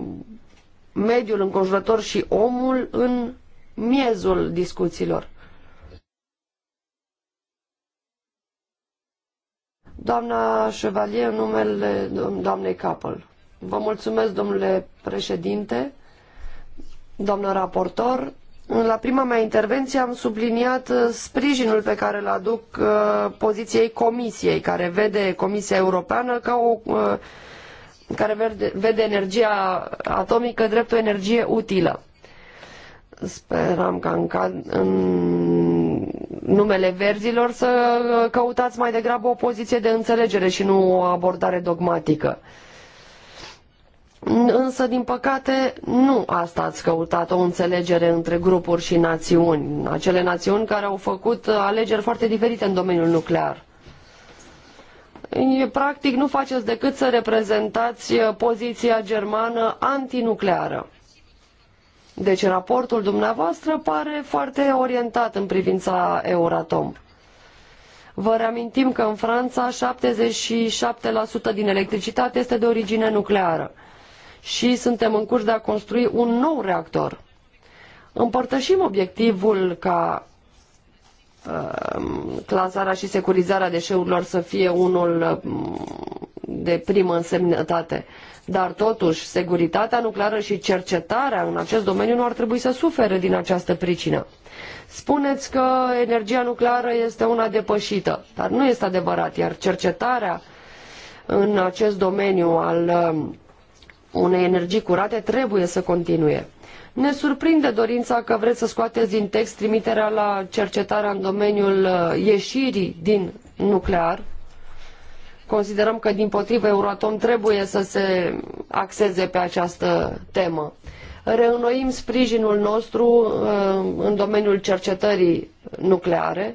mediul înconjurător și omul în miezul discuțiilor. doamna Chevalier în numele doamnei Capel. Vă mulțumesc, domnule președinte, doamnă raportor. La prima mea intervenție am subliniat uh, sprijinul pe care îl aduc uh, poziției Comisiei, care vede Comisia Europeană ca o uh, care vede, vede energia atomică drept o energie utilă. Sperăm că. în, numele verzilor să căutați mai degrabă o poziție de înțelegere și nu o abordare dogmatică. Însă, din păcate, nu asta ați căutat, o înțelegere între grupuri și națiuni, acele națiuni care au făcut alegeri foarte diferite în domeniul nuclear. Practic, nu faceți decât să reprezentați poziția germană antinucleară. Deci raportul dumneavoastră pare foarte orientat în privința Euratom. Vă reamintim că în Franța 77% din electricitate este de origine nucleară și suntem în curs de a construi un nou reactor. Împărtășim obiectivul ca uh, clasarea și securizarea deșeurilor să fie unul um, de primă însemnătate. Dar totuși, securitatea nucleară și cercetarea în acest domeniu nu ar trebui să sufere din această pricină. Spuneți că energia nucleară este una depășită, dar nu este adevărat, iar cercetarea în acest domeniu al um, unei energii curate trebuie să continue. Ne surprinde dorința că vreți să scoateți din text trimiterea la cercetarea în domeniul uh, ieșirii din nuclear, Considerăm că, din potrivă, Euratom trebuie să se axeze pe această temă. Reînnoim sprijinul nostru uh, în domeniul cercetării nucleare,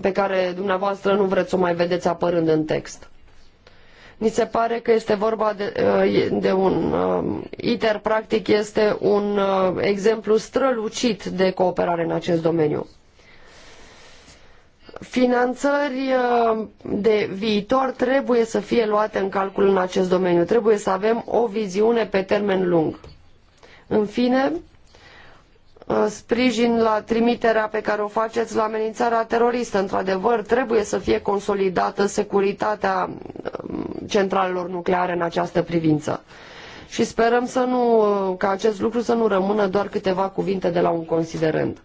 pe care dumneavoastră nu vreți să o mai vedeți apărând în text. Ni se pare că este vorba de, uh, de un... Uh, ITER, practic, este un exemplu strălucit de cooperare în acest domeniu finanțări uh, de viitor trebuie să fie luate în calcul în acest domeniu. Trebuie să avem o viziune pe termen lung. În fine, uh, sprijin la trimiterea pe care o faceți la amenințarea teroristă. Într-adevăr, trebuie să fie consolidată securitatea um, centralelor nucleare în această privință. Și sperăm să nu, uh, ca acest lucru să nu rămână doar câteva cuvinte de la un considerent.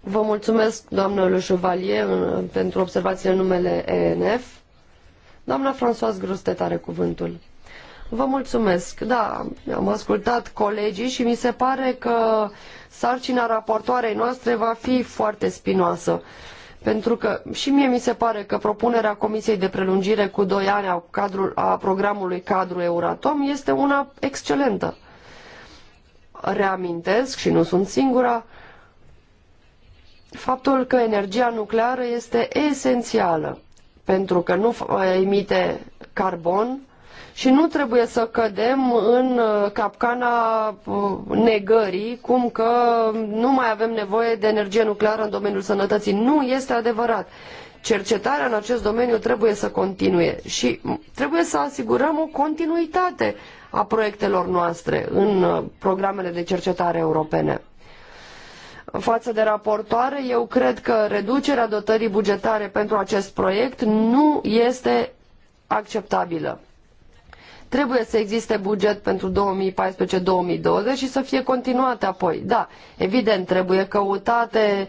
Vă mulțumesc, doamnă Le Chevalier, pentru observațiile în numele ENF. Doamna François, Grostet are cuvântul. Vă mulțumesc. Da, am ascultat colegii și mi se pare că sarcina raportoarei noastre va fi foarte spinoasă. Pentru că și mie mi se pare că propunerea Comisiei de prelungire cu doi ani a, cadrul, a programului cadru Euratom este una excelentă. Reamintesc și nu sunt singura, faptul că energia nucleară este esențială pentru că nu emite carbon și nu trebuie să cădem în uh, capcana uh, negării, cum că nu mai avem nevoie de energie nucleară în domeniul sănătății. Nu este adevărat. Cercetarea în acest domeniu trebuie să continue și trebuie să asigurăm o continuitate a proiectelor noastre în uh, programele de cercetare europene față de raportoare, eu cred că reducerea dotării bugetare pentru acest proiect nu este acceptabilă. Trebuie să existe buget pentru 2014-2020 și să fie continuate apoi. Da, evident, trebuie căutate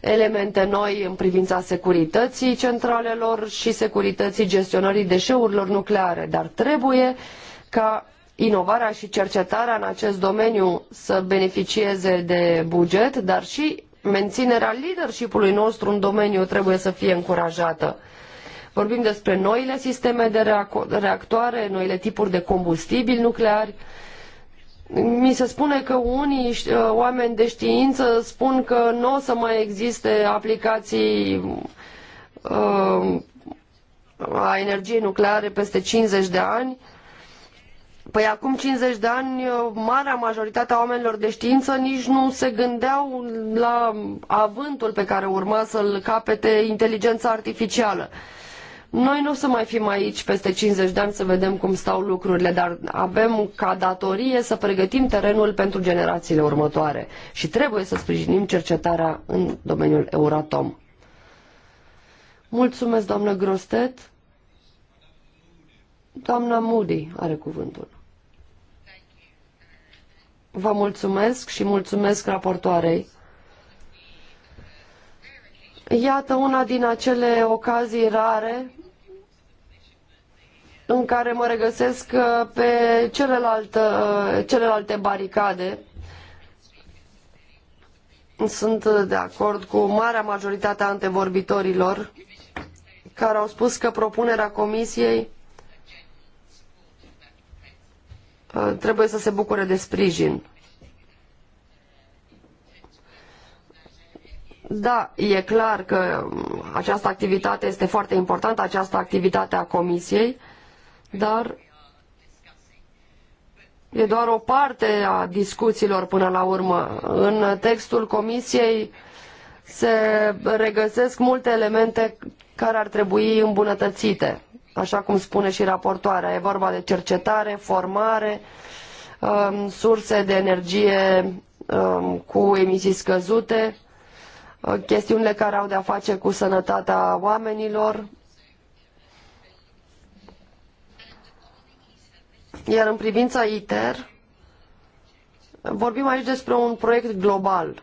elemente noi în privința securității centralelor și securității gestionării deșeurilor nucleare, dar trebuie ca inovarea și cercetarea în acest domeniu să beneficieze de buget, dar și menținerea leadership-ului nostru în domeniu trebuie să fie încurajată. Vorbim despre noile sisteme de reactoare, noile tipuri de combustibili nucleari. Mi se spune că unii uh, oameni de știință spun că nu o să mai existe aplicații uh, a energiei nucleare peste 50 de ani Păi acum 50 de ani, marea majoritate a oamenilor de știință nici nu se gândeau la avântul pe care urma să-l capete inteligența artificială. Noi nu o să mai fim aici peste 50 de ani să vedem cum stau lucrurile, dar avem ca datorie să pregătim terenul pentru generațiile următoare și trebuie să sprijinim cercetarea în domeniul Euratom. Mulțumesc, doamnă Grostet. Doamna Moody are cuvântul. Vă mulțumesc și mulțumesc raportoarei. Iată una din acele ocazii rare în care mă regăsesc uh, pe celelalte, uh, celelalte baricade. Sunt uh, de acord cu marea majoritate a antevorbitorilor care au spus că propunerea Comisiei Uh, trebuie să se bucure de sprijin. Da, e clar că um, această activitate este foarte importantă, această activitate a Comisiei, dar e doar o parte a discuțiilor până la urmă. În textul Comisiei se regăsesc multe elemente care ar trebui îmbunătățite așa cum spune și raportoarea. E vorba de cercetare, formare, um, surse de energie um, cu emisii scăzute, uh, chestiunile care au de-a face cu sănătatea oamenilor. Iar în privința ITER, vorbim aici despre un proiect global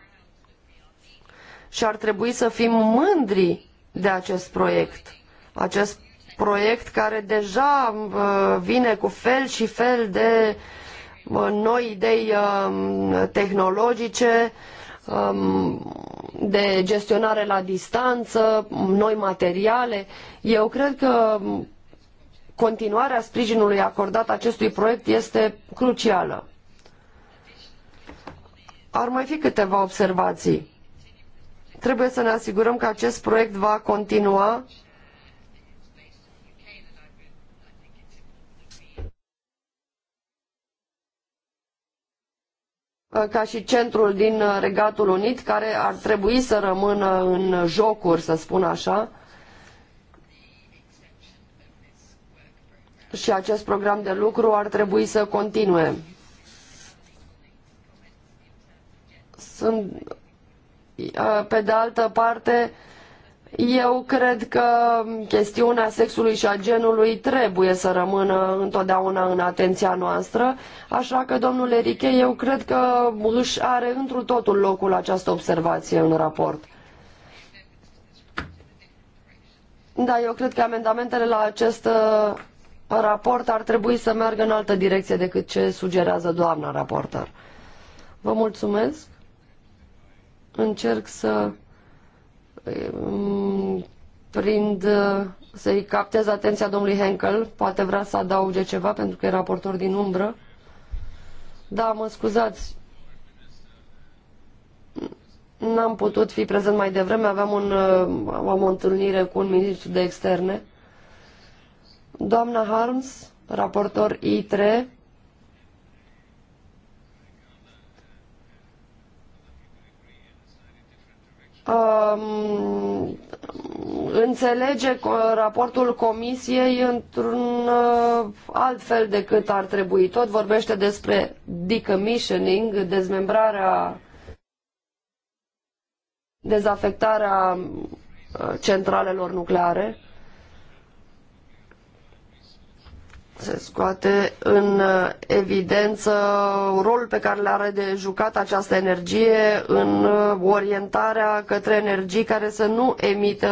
și ar trebui să fim mândri de acest proiect. Acest proiect care deja uh, vine cu fel și fel de uh, noi idei um, tehnologice, um, de gestionare la distanță, noi materiale. Eu cred că continuarea sprijinului acordat acestui proiect este crucială. Ar mai fi câteva observații. Trebuie să ne asigurăm că acest proiect va continua Uh, ca și centrul din uh, Regatul Unit, care ar trebui să rămână în jocuri, să spun așa. Și acest program de lucru ar trebui să continue. Sunt, uh, pe de altă parte, eu cred că chestiunea sexului și a genului trebuie să rămână întotdeauna în atenția noastră, așa că, domnule Riche, eu cred că își are întru totul locul această observație în raport. Da, eu cred că amendamentele la acest uh, raport ar trebui să meargă în altă direcție decât ce sugerează doamna raportor. Vă mulțumesc. Încerc să prind să-i captez atenția domnului Henkel. Poate vrea să adauge ceva pentru că e raportor din umbră. Da, mă scuzați. N-am putut fi prezent mai devreme, aveam un, uh, am o întâlnire cu un ministru de externe. Doamna Harms, raportor I3, înțelege raportul comisiei într-un uh, alt fel decât ar trebui. Tot vorbește despre decommissioning, dezmembrarea, dezafectarea uh, centralelor nucleare. se scoate în uh, evidență rolul pe care l are de jucat această energie în uh, orientarea către energii care să nu emită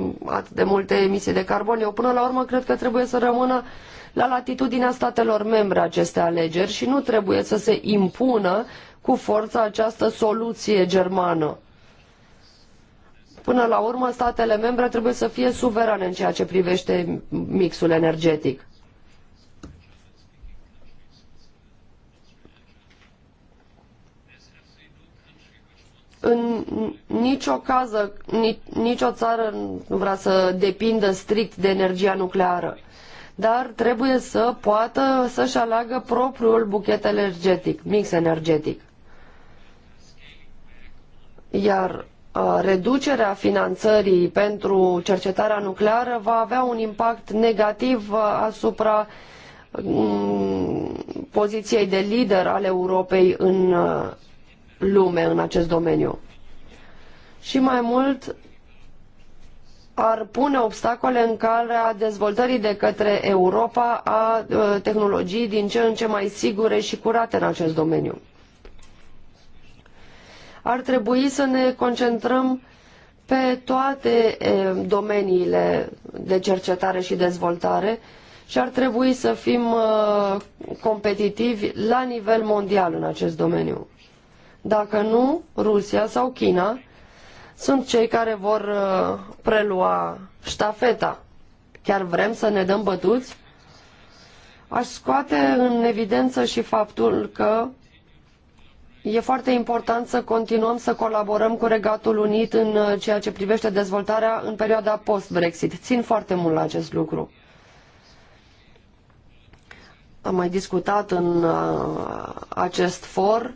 uh, atât de multe emisii de carbon. Eu până la urmă cred că trebuie să rămână la latitudinea statelor membre aceste alegeri și nu trebuie să se impună cu forță această soluție germană. Până la urmă, statele membre trebuie să fie suverane în ceea ce privește mixul energetic. în nicio cază, nicio țară nu vrea să depindă strict de energia nucleară, dar trebuie să poată să-și aleagă propriul buchet energetic, mix energetic. Iar uh, reducerea finanțării pentru cercetarea nucleară va avea un impact negativ uh, asupra mm, poziției de lider al Europei în uh, lume în acest domeniu. Și mai mult, ar pune obstacole în calea dezvoltării de către Europa a ă, tehnologii din ce în ce mai sigure și curate în acest domeniu. Ar trebui să ne concentrăm pe toate domeniile de cercetare și dezvoltare și ar trebui să fim ă, competitivi la nivel mondial în acest domeniu. Dacă nu, Rusia sau China sunt cei care vor uh, prelua ștafeta. Chiar vrem să ne dăm bătuți? Aș scoate în evidență și faptul că e foarte important să continuăm să colaborăm cu Regatul Unit în uh, ceea ce privește dezvoltarea în perioada post-Brexit. Țin foarte mult la acest lucru. Am mai discutat în uh, acest for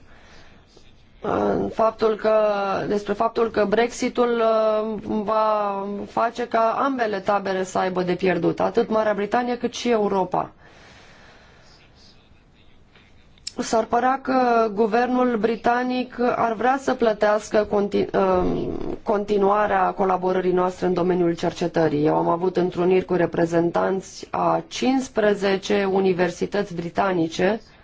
faptul că, despre faptul că Brexitul uh, va face ca ambele tabere să aibă de pierdut, atât Marea Britanie cât și Europa. S-ar părea că guvernul britanic ar vrea să plătească uh, continuarea colaborării noastre în domeniul cercetării. Eu am avut întruniri cu reprezentanți a 15 universități britanice uh,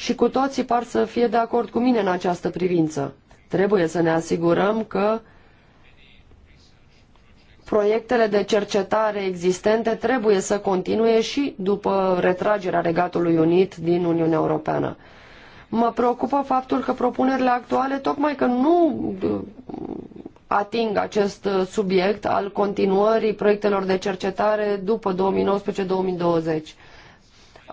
și cu toții par să fie de acord cu mine în această privință. Trebuie să ne asigurăm că proiectele de cercetare existente trebuie să continue și după retragerea Regatului Unit din Uniunea Europeană. Mă preocupă faptul că propunerile actuale, tocmai că nu uh, ating acest uh, subiect al continuării proiectelor de cercetare după 2019-2020.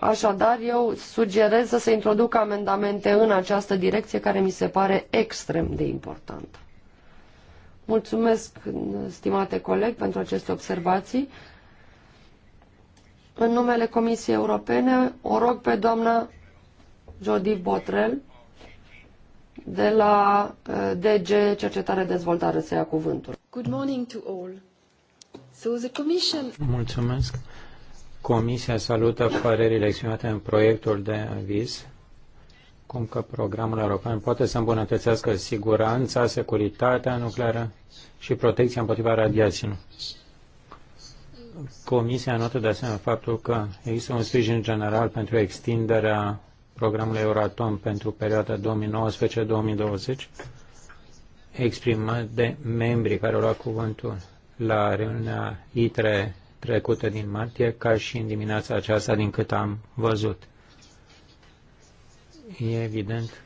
Așadar, eu sugerez să se introducă amendamente în această direcție care mi se pare extrem de importantă. Mulțumesc, stimate coleg, pentru aceste observații. În numele Comisiei Europene o rog pe doamna Jodie Botrel de la eh, DG Cercetare Dezvoltare să ia cuvântul. Good morning to all. So the commission... Mulțumesc. Comisia salută părerile exprimate în proiectul de aviz, cum că programul european poate să îmbunătățească siguranța, securitatea nucleară și protecția împotriva radiațiilor. Comisia notă de asemenea faptul că există un sprijin general pentru extinderea programului Euratom pentru perioada 2019-2020, exprimat de membrii care au luat cuvântul la reuniunea ITRE trecută din martie, ca și în dimineața aceasta, din cât am văzut. E evident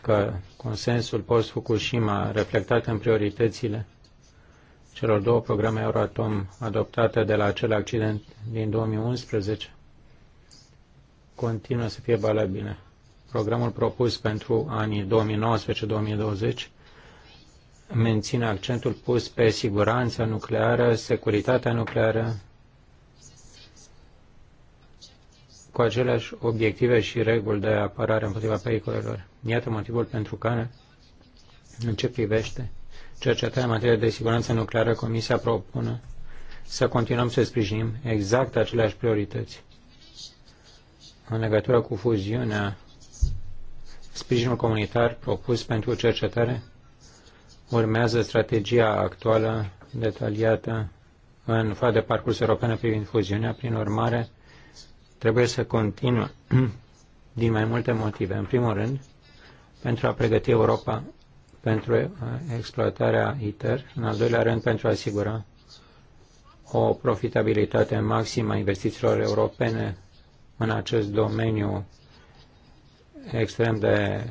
că consensul post-Fukushima reflectat în prioritățile celor două programe Euratom adoptate de la acel accident din 2011 continuă să fie valabile. Programul propus pentru anii 2019-2020 menține accentul pus pe siguranța nucleară, securitatea nucleară, cu aceleași obiective și reguli de apărare împotriva pericolelor. Iată motivul pentru care, în ce privește cercetarea în materie de siguranță nucleară, Comisia propune să continuăm să sprijinim exact aceleași priorități. În legătură cu fuziunea, sprijinul comunitar propus pentru cercetare urmează strategia actuală detaliată în fața de parcurs europeană privind fuziunea. Prin urmare, trebuie să continuă din mai multe motive. În primul rând, pentru a pregăti Europa pentru uh, exploatarea ITER, în al doilea rând pentru a asigura o profitabilitate maximă a investițiilor europene în acest domeniu extrem de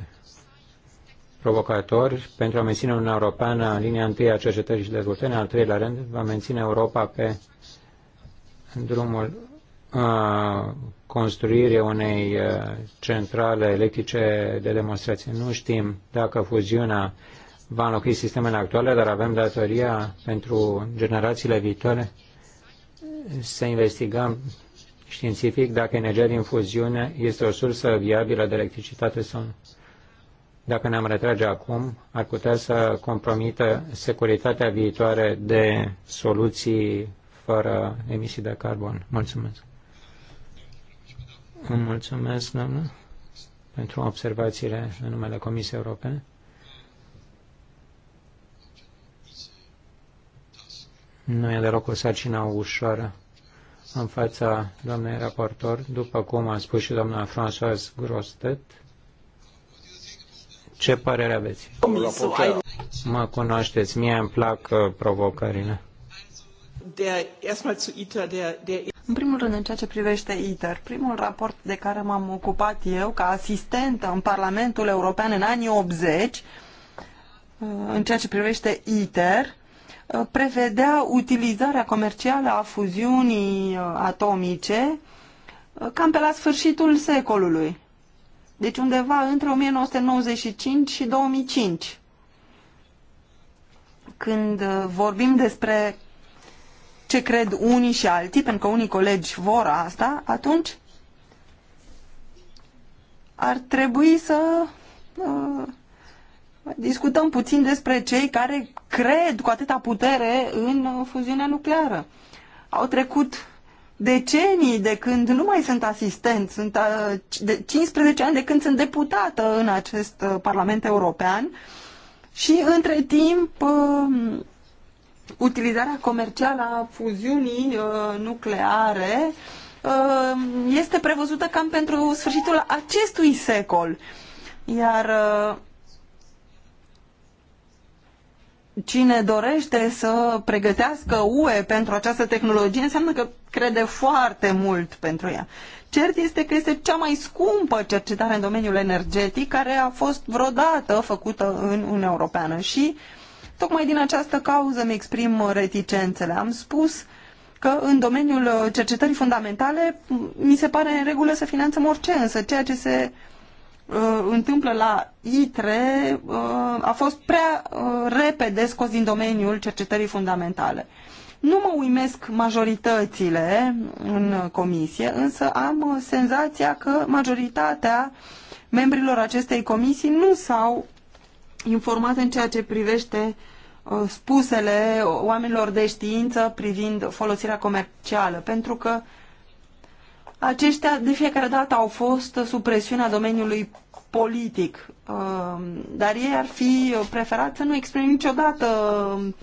provocatori pentru a menține Uniunea Europeană în linia întâi a cercetării și dezvoltării, în al treilea rând va menține Europa pe drumul uh, construirii unei uh, centrale electrice de demonstrație. Nu știm dacă fuziunea va înlocui sistemele actuale, dar avem datoria pentru generațiile viitoare să investigăm științific dacă energia din fuziune este o sursă viabilă de electricitate sau nu. Dacă ne-am retrage acum, ar putea să compromită securitatea viitoare de soluții fără emisii de carbon. Mulțumesc. Îmi mulțumesc, doamnă, pentru observațiile în numele Comisiei Europene. Nu e deloc o sarcină ușoară în fața doamnei raportor, după cum a spus și doamna Françoise Grostet. Ce părere aveți? Mă cunoașteți, mie îmi plac uh, provocările. În primul rând, în ceea ce privește ITER, primul raport de care m-am ocupat eu ca asistentă în Parlamentul European în anii 80, uh, în ceea ce privește ITER, uh, prevedea utilizarea comercială a fuziunii atomice cam pe la sfârșitul secolului. Deci undeva între 1995 și 2005. Când uh, vorbim despre ce cred unii și alții, pentru că unii colegi vor asta, atunci ar trebui să uh, discutăm puțin despre cei care cred cu atâta putere în uh, fuziunea nucleară. Au trecut decenii de când nu mai sunt asistent, sunt uh, de 15 ani de când sunt deputată în acest uh, Parlament European și între timp um, utilizarea comercială a fuziunii uh, nucleare um, este prevăzută cam pentru sfârșitul acestui secol. Iar cine dorește să pregătească UE pentru această tehnologie înseamnă că crede foarte mult pentru ea. Cert este că este cea mai scumpă cercetare în domeniul energetic care a fost vreodată făcută în Uniunea Europeană și tocmai din această cauză îmi exprim reticențele. Am spus că în domeniul cercetării fundamentale mi se pare în regulă să finanțăm orice, însă ceea ce se uh, uh, întâmplă la ITRE uh, a fost prea uh, repede scos din domeniul cercetării fundamentale. Nu mă uimesc majoritățile în comisie, însă am uh, senzația că majoritatea membrilor acestei comisii nu s-au informat în ceea ce privește uh, spusele oamenilor de știință privind folosirea comercială, pentru că uh, aceștia de fiecare dată au fost sub presiunea domeniului politic, um, dar ei ar fi preferat să nu exprime niciodată um,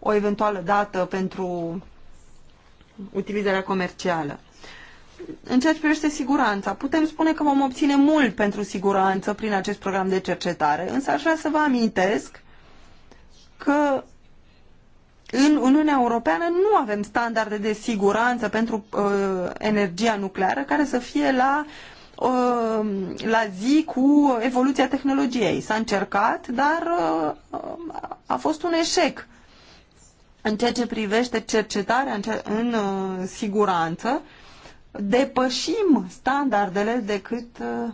o eventuală dată pentru utilizarea comercială. În ceea ce privește siguranța, putem spune că vom obține mult pentru siguranță prin acest program de cercetare, însă aș vrea să vă amintesc că în Uniunea Europeană nu avem standarde de siguranță pentru uh, energia nucleară care să fie la, uh, la zi cu evoluția tehnologiei. S-a încercat, dar uh, a fost un eșec. În ceea ce privește cercetarea în, în uh, siguranță, depășim standardele decât uh,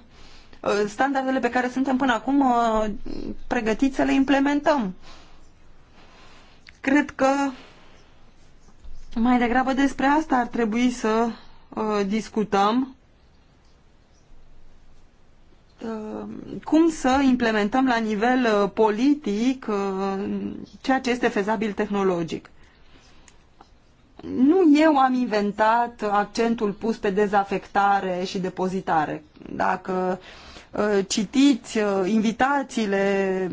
standardele pe care suntem până acum uh, pregătiți să le implementăm. Uh, Cred că mai degrabă despre asta ar trebui să uh, discutăm. Uh, cum să implementăm la nivel uh, politic uh, ceea ce este fezabil tehnologic. Nu eu am inventat accentul pus pe dezafectare și depozitare. Dacă uh, Uh, citiți uh, invitațiile,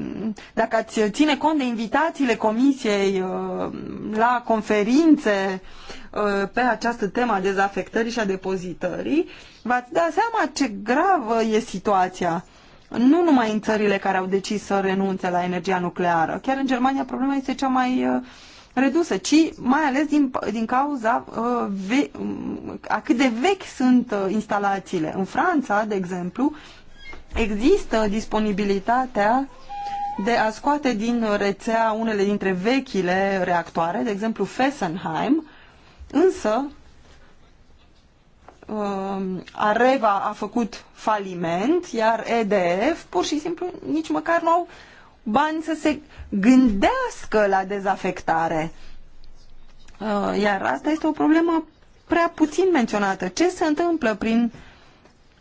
dacă ați ține cont de invitațiile comisiei uh, la conferințe pe această temă a dezafectării și a depozitării, v-ați dat seama ce gravă e situația. Nu numai în țările care au decis să renunțe la energia nucleară. Chiar în Germania problema este cea mai redusă, ci mai ales din, din cauza uh, ve- a cât de vechi sunt uh, instalațiile. În Franța, de exemplu, există disponibilitatea de a scoate din rețea unele dintre vechile reactoare, de exemplu Fessenheim, însă um, Areva a făcut faliment, iar EDF pur și simplu nici măcar nu au bani să se gândească la dezafectare. Uh, iar asta este o problemă prea puțin menționată. Ce se întâmplă prin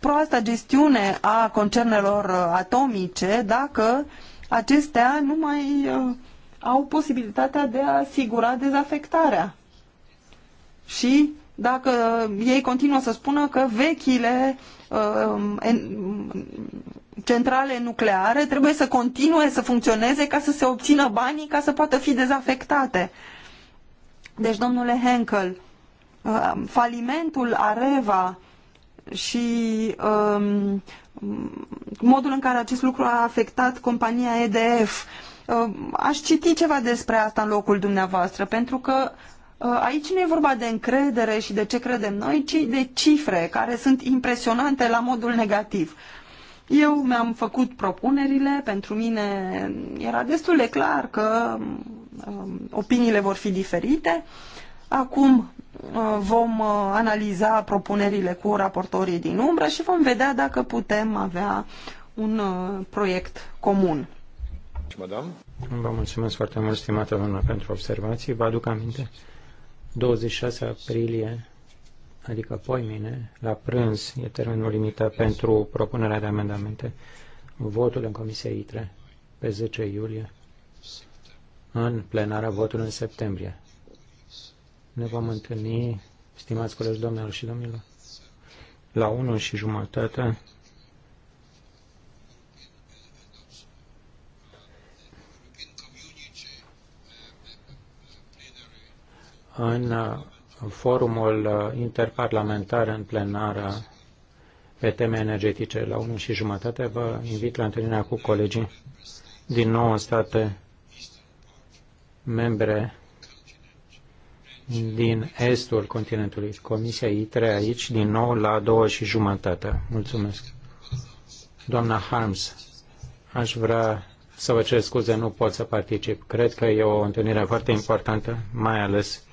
proasta gestiune a concernelor uh, atomice dacă acestea nu mai uh, au posibilitatea de a asigura dezafectarea. Și dacă ei continuă să spună că vechile uh, centrale nucleare trebuie să continue să funcționeze ca să se obțină banii ca să poată fi dezafectate. Deci, domnule Henkel, falimentul Areva și um, modul în care acest lucru a afectat compania EDF. Um, aș citi ceva despre asta în locul dumneavoastră, pentru că uh, aici nu e vorba de încredere și de ce credem noi, ci de cifre care sunt impresionante la modul negativ. Eu mi-am făcut propunerile, pentru mine era destul de clar că um, opiniile vor fi diferite. Acum Uh, vom uh, analiza propunerile cu raportorii din umbră și vom vedea dacă putem avea un uh, proiect comun. Madame. Vă mulțumesc foarte mult, stimată doamnă, pentru observații. Vă aduc aminte, 26 aprilie, adică poimine, la prânz, e termenul limită pentru propunerea de amendamente. Votul în Comisia ITRE pe 10 iulie, în plenară votul în septembrie. Ne vom întâlni, stimați colegi, doamnelor și domnilor, la 1 și jumătate. în uh, forumul uh, interparlamentar în plenară uh, pe teme energetice la 1 și jumătate. Vă invit la întâlnirea cu colegii din 9 state membre din estul continentului. Comisia ITRE aici din nou la două și jumătate. Mulțumesc. Doamna Harms, aș vrea să vă cer scuze, nu pot să particip. Cred că e o întâlnire foarte importantă, mai ales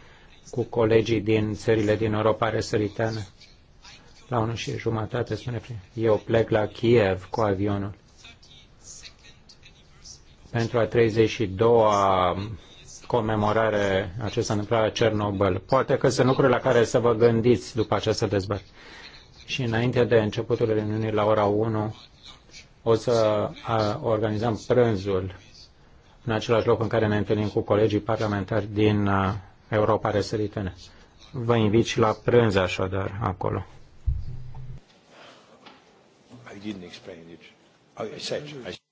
cu colegii din țările din Europa Răsăritană. La unul și jumătate, spune Eu plec la Kiev cu avionul pentru a 32-a comemorare a ce a la Cernobâl. Poate că sunt lucruri la care să vă gândiți după această dezbatere. Și înainte de începutul reuniunii la ora 1, o să organizăm prânzul în același loc în care ne întâlnim cu colegii parlamentari din Europa Resăritene. Vă invit și la prânz așadar acolo. I didn't explain it. I said, I...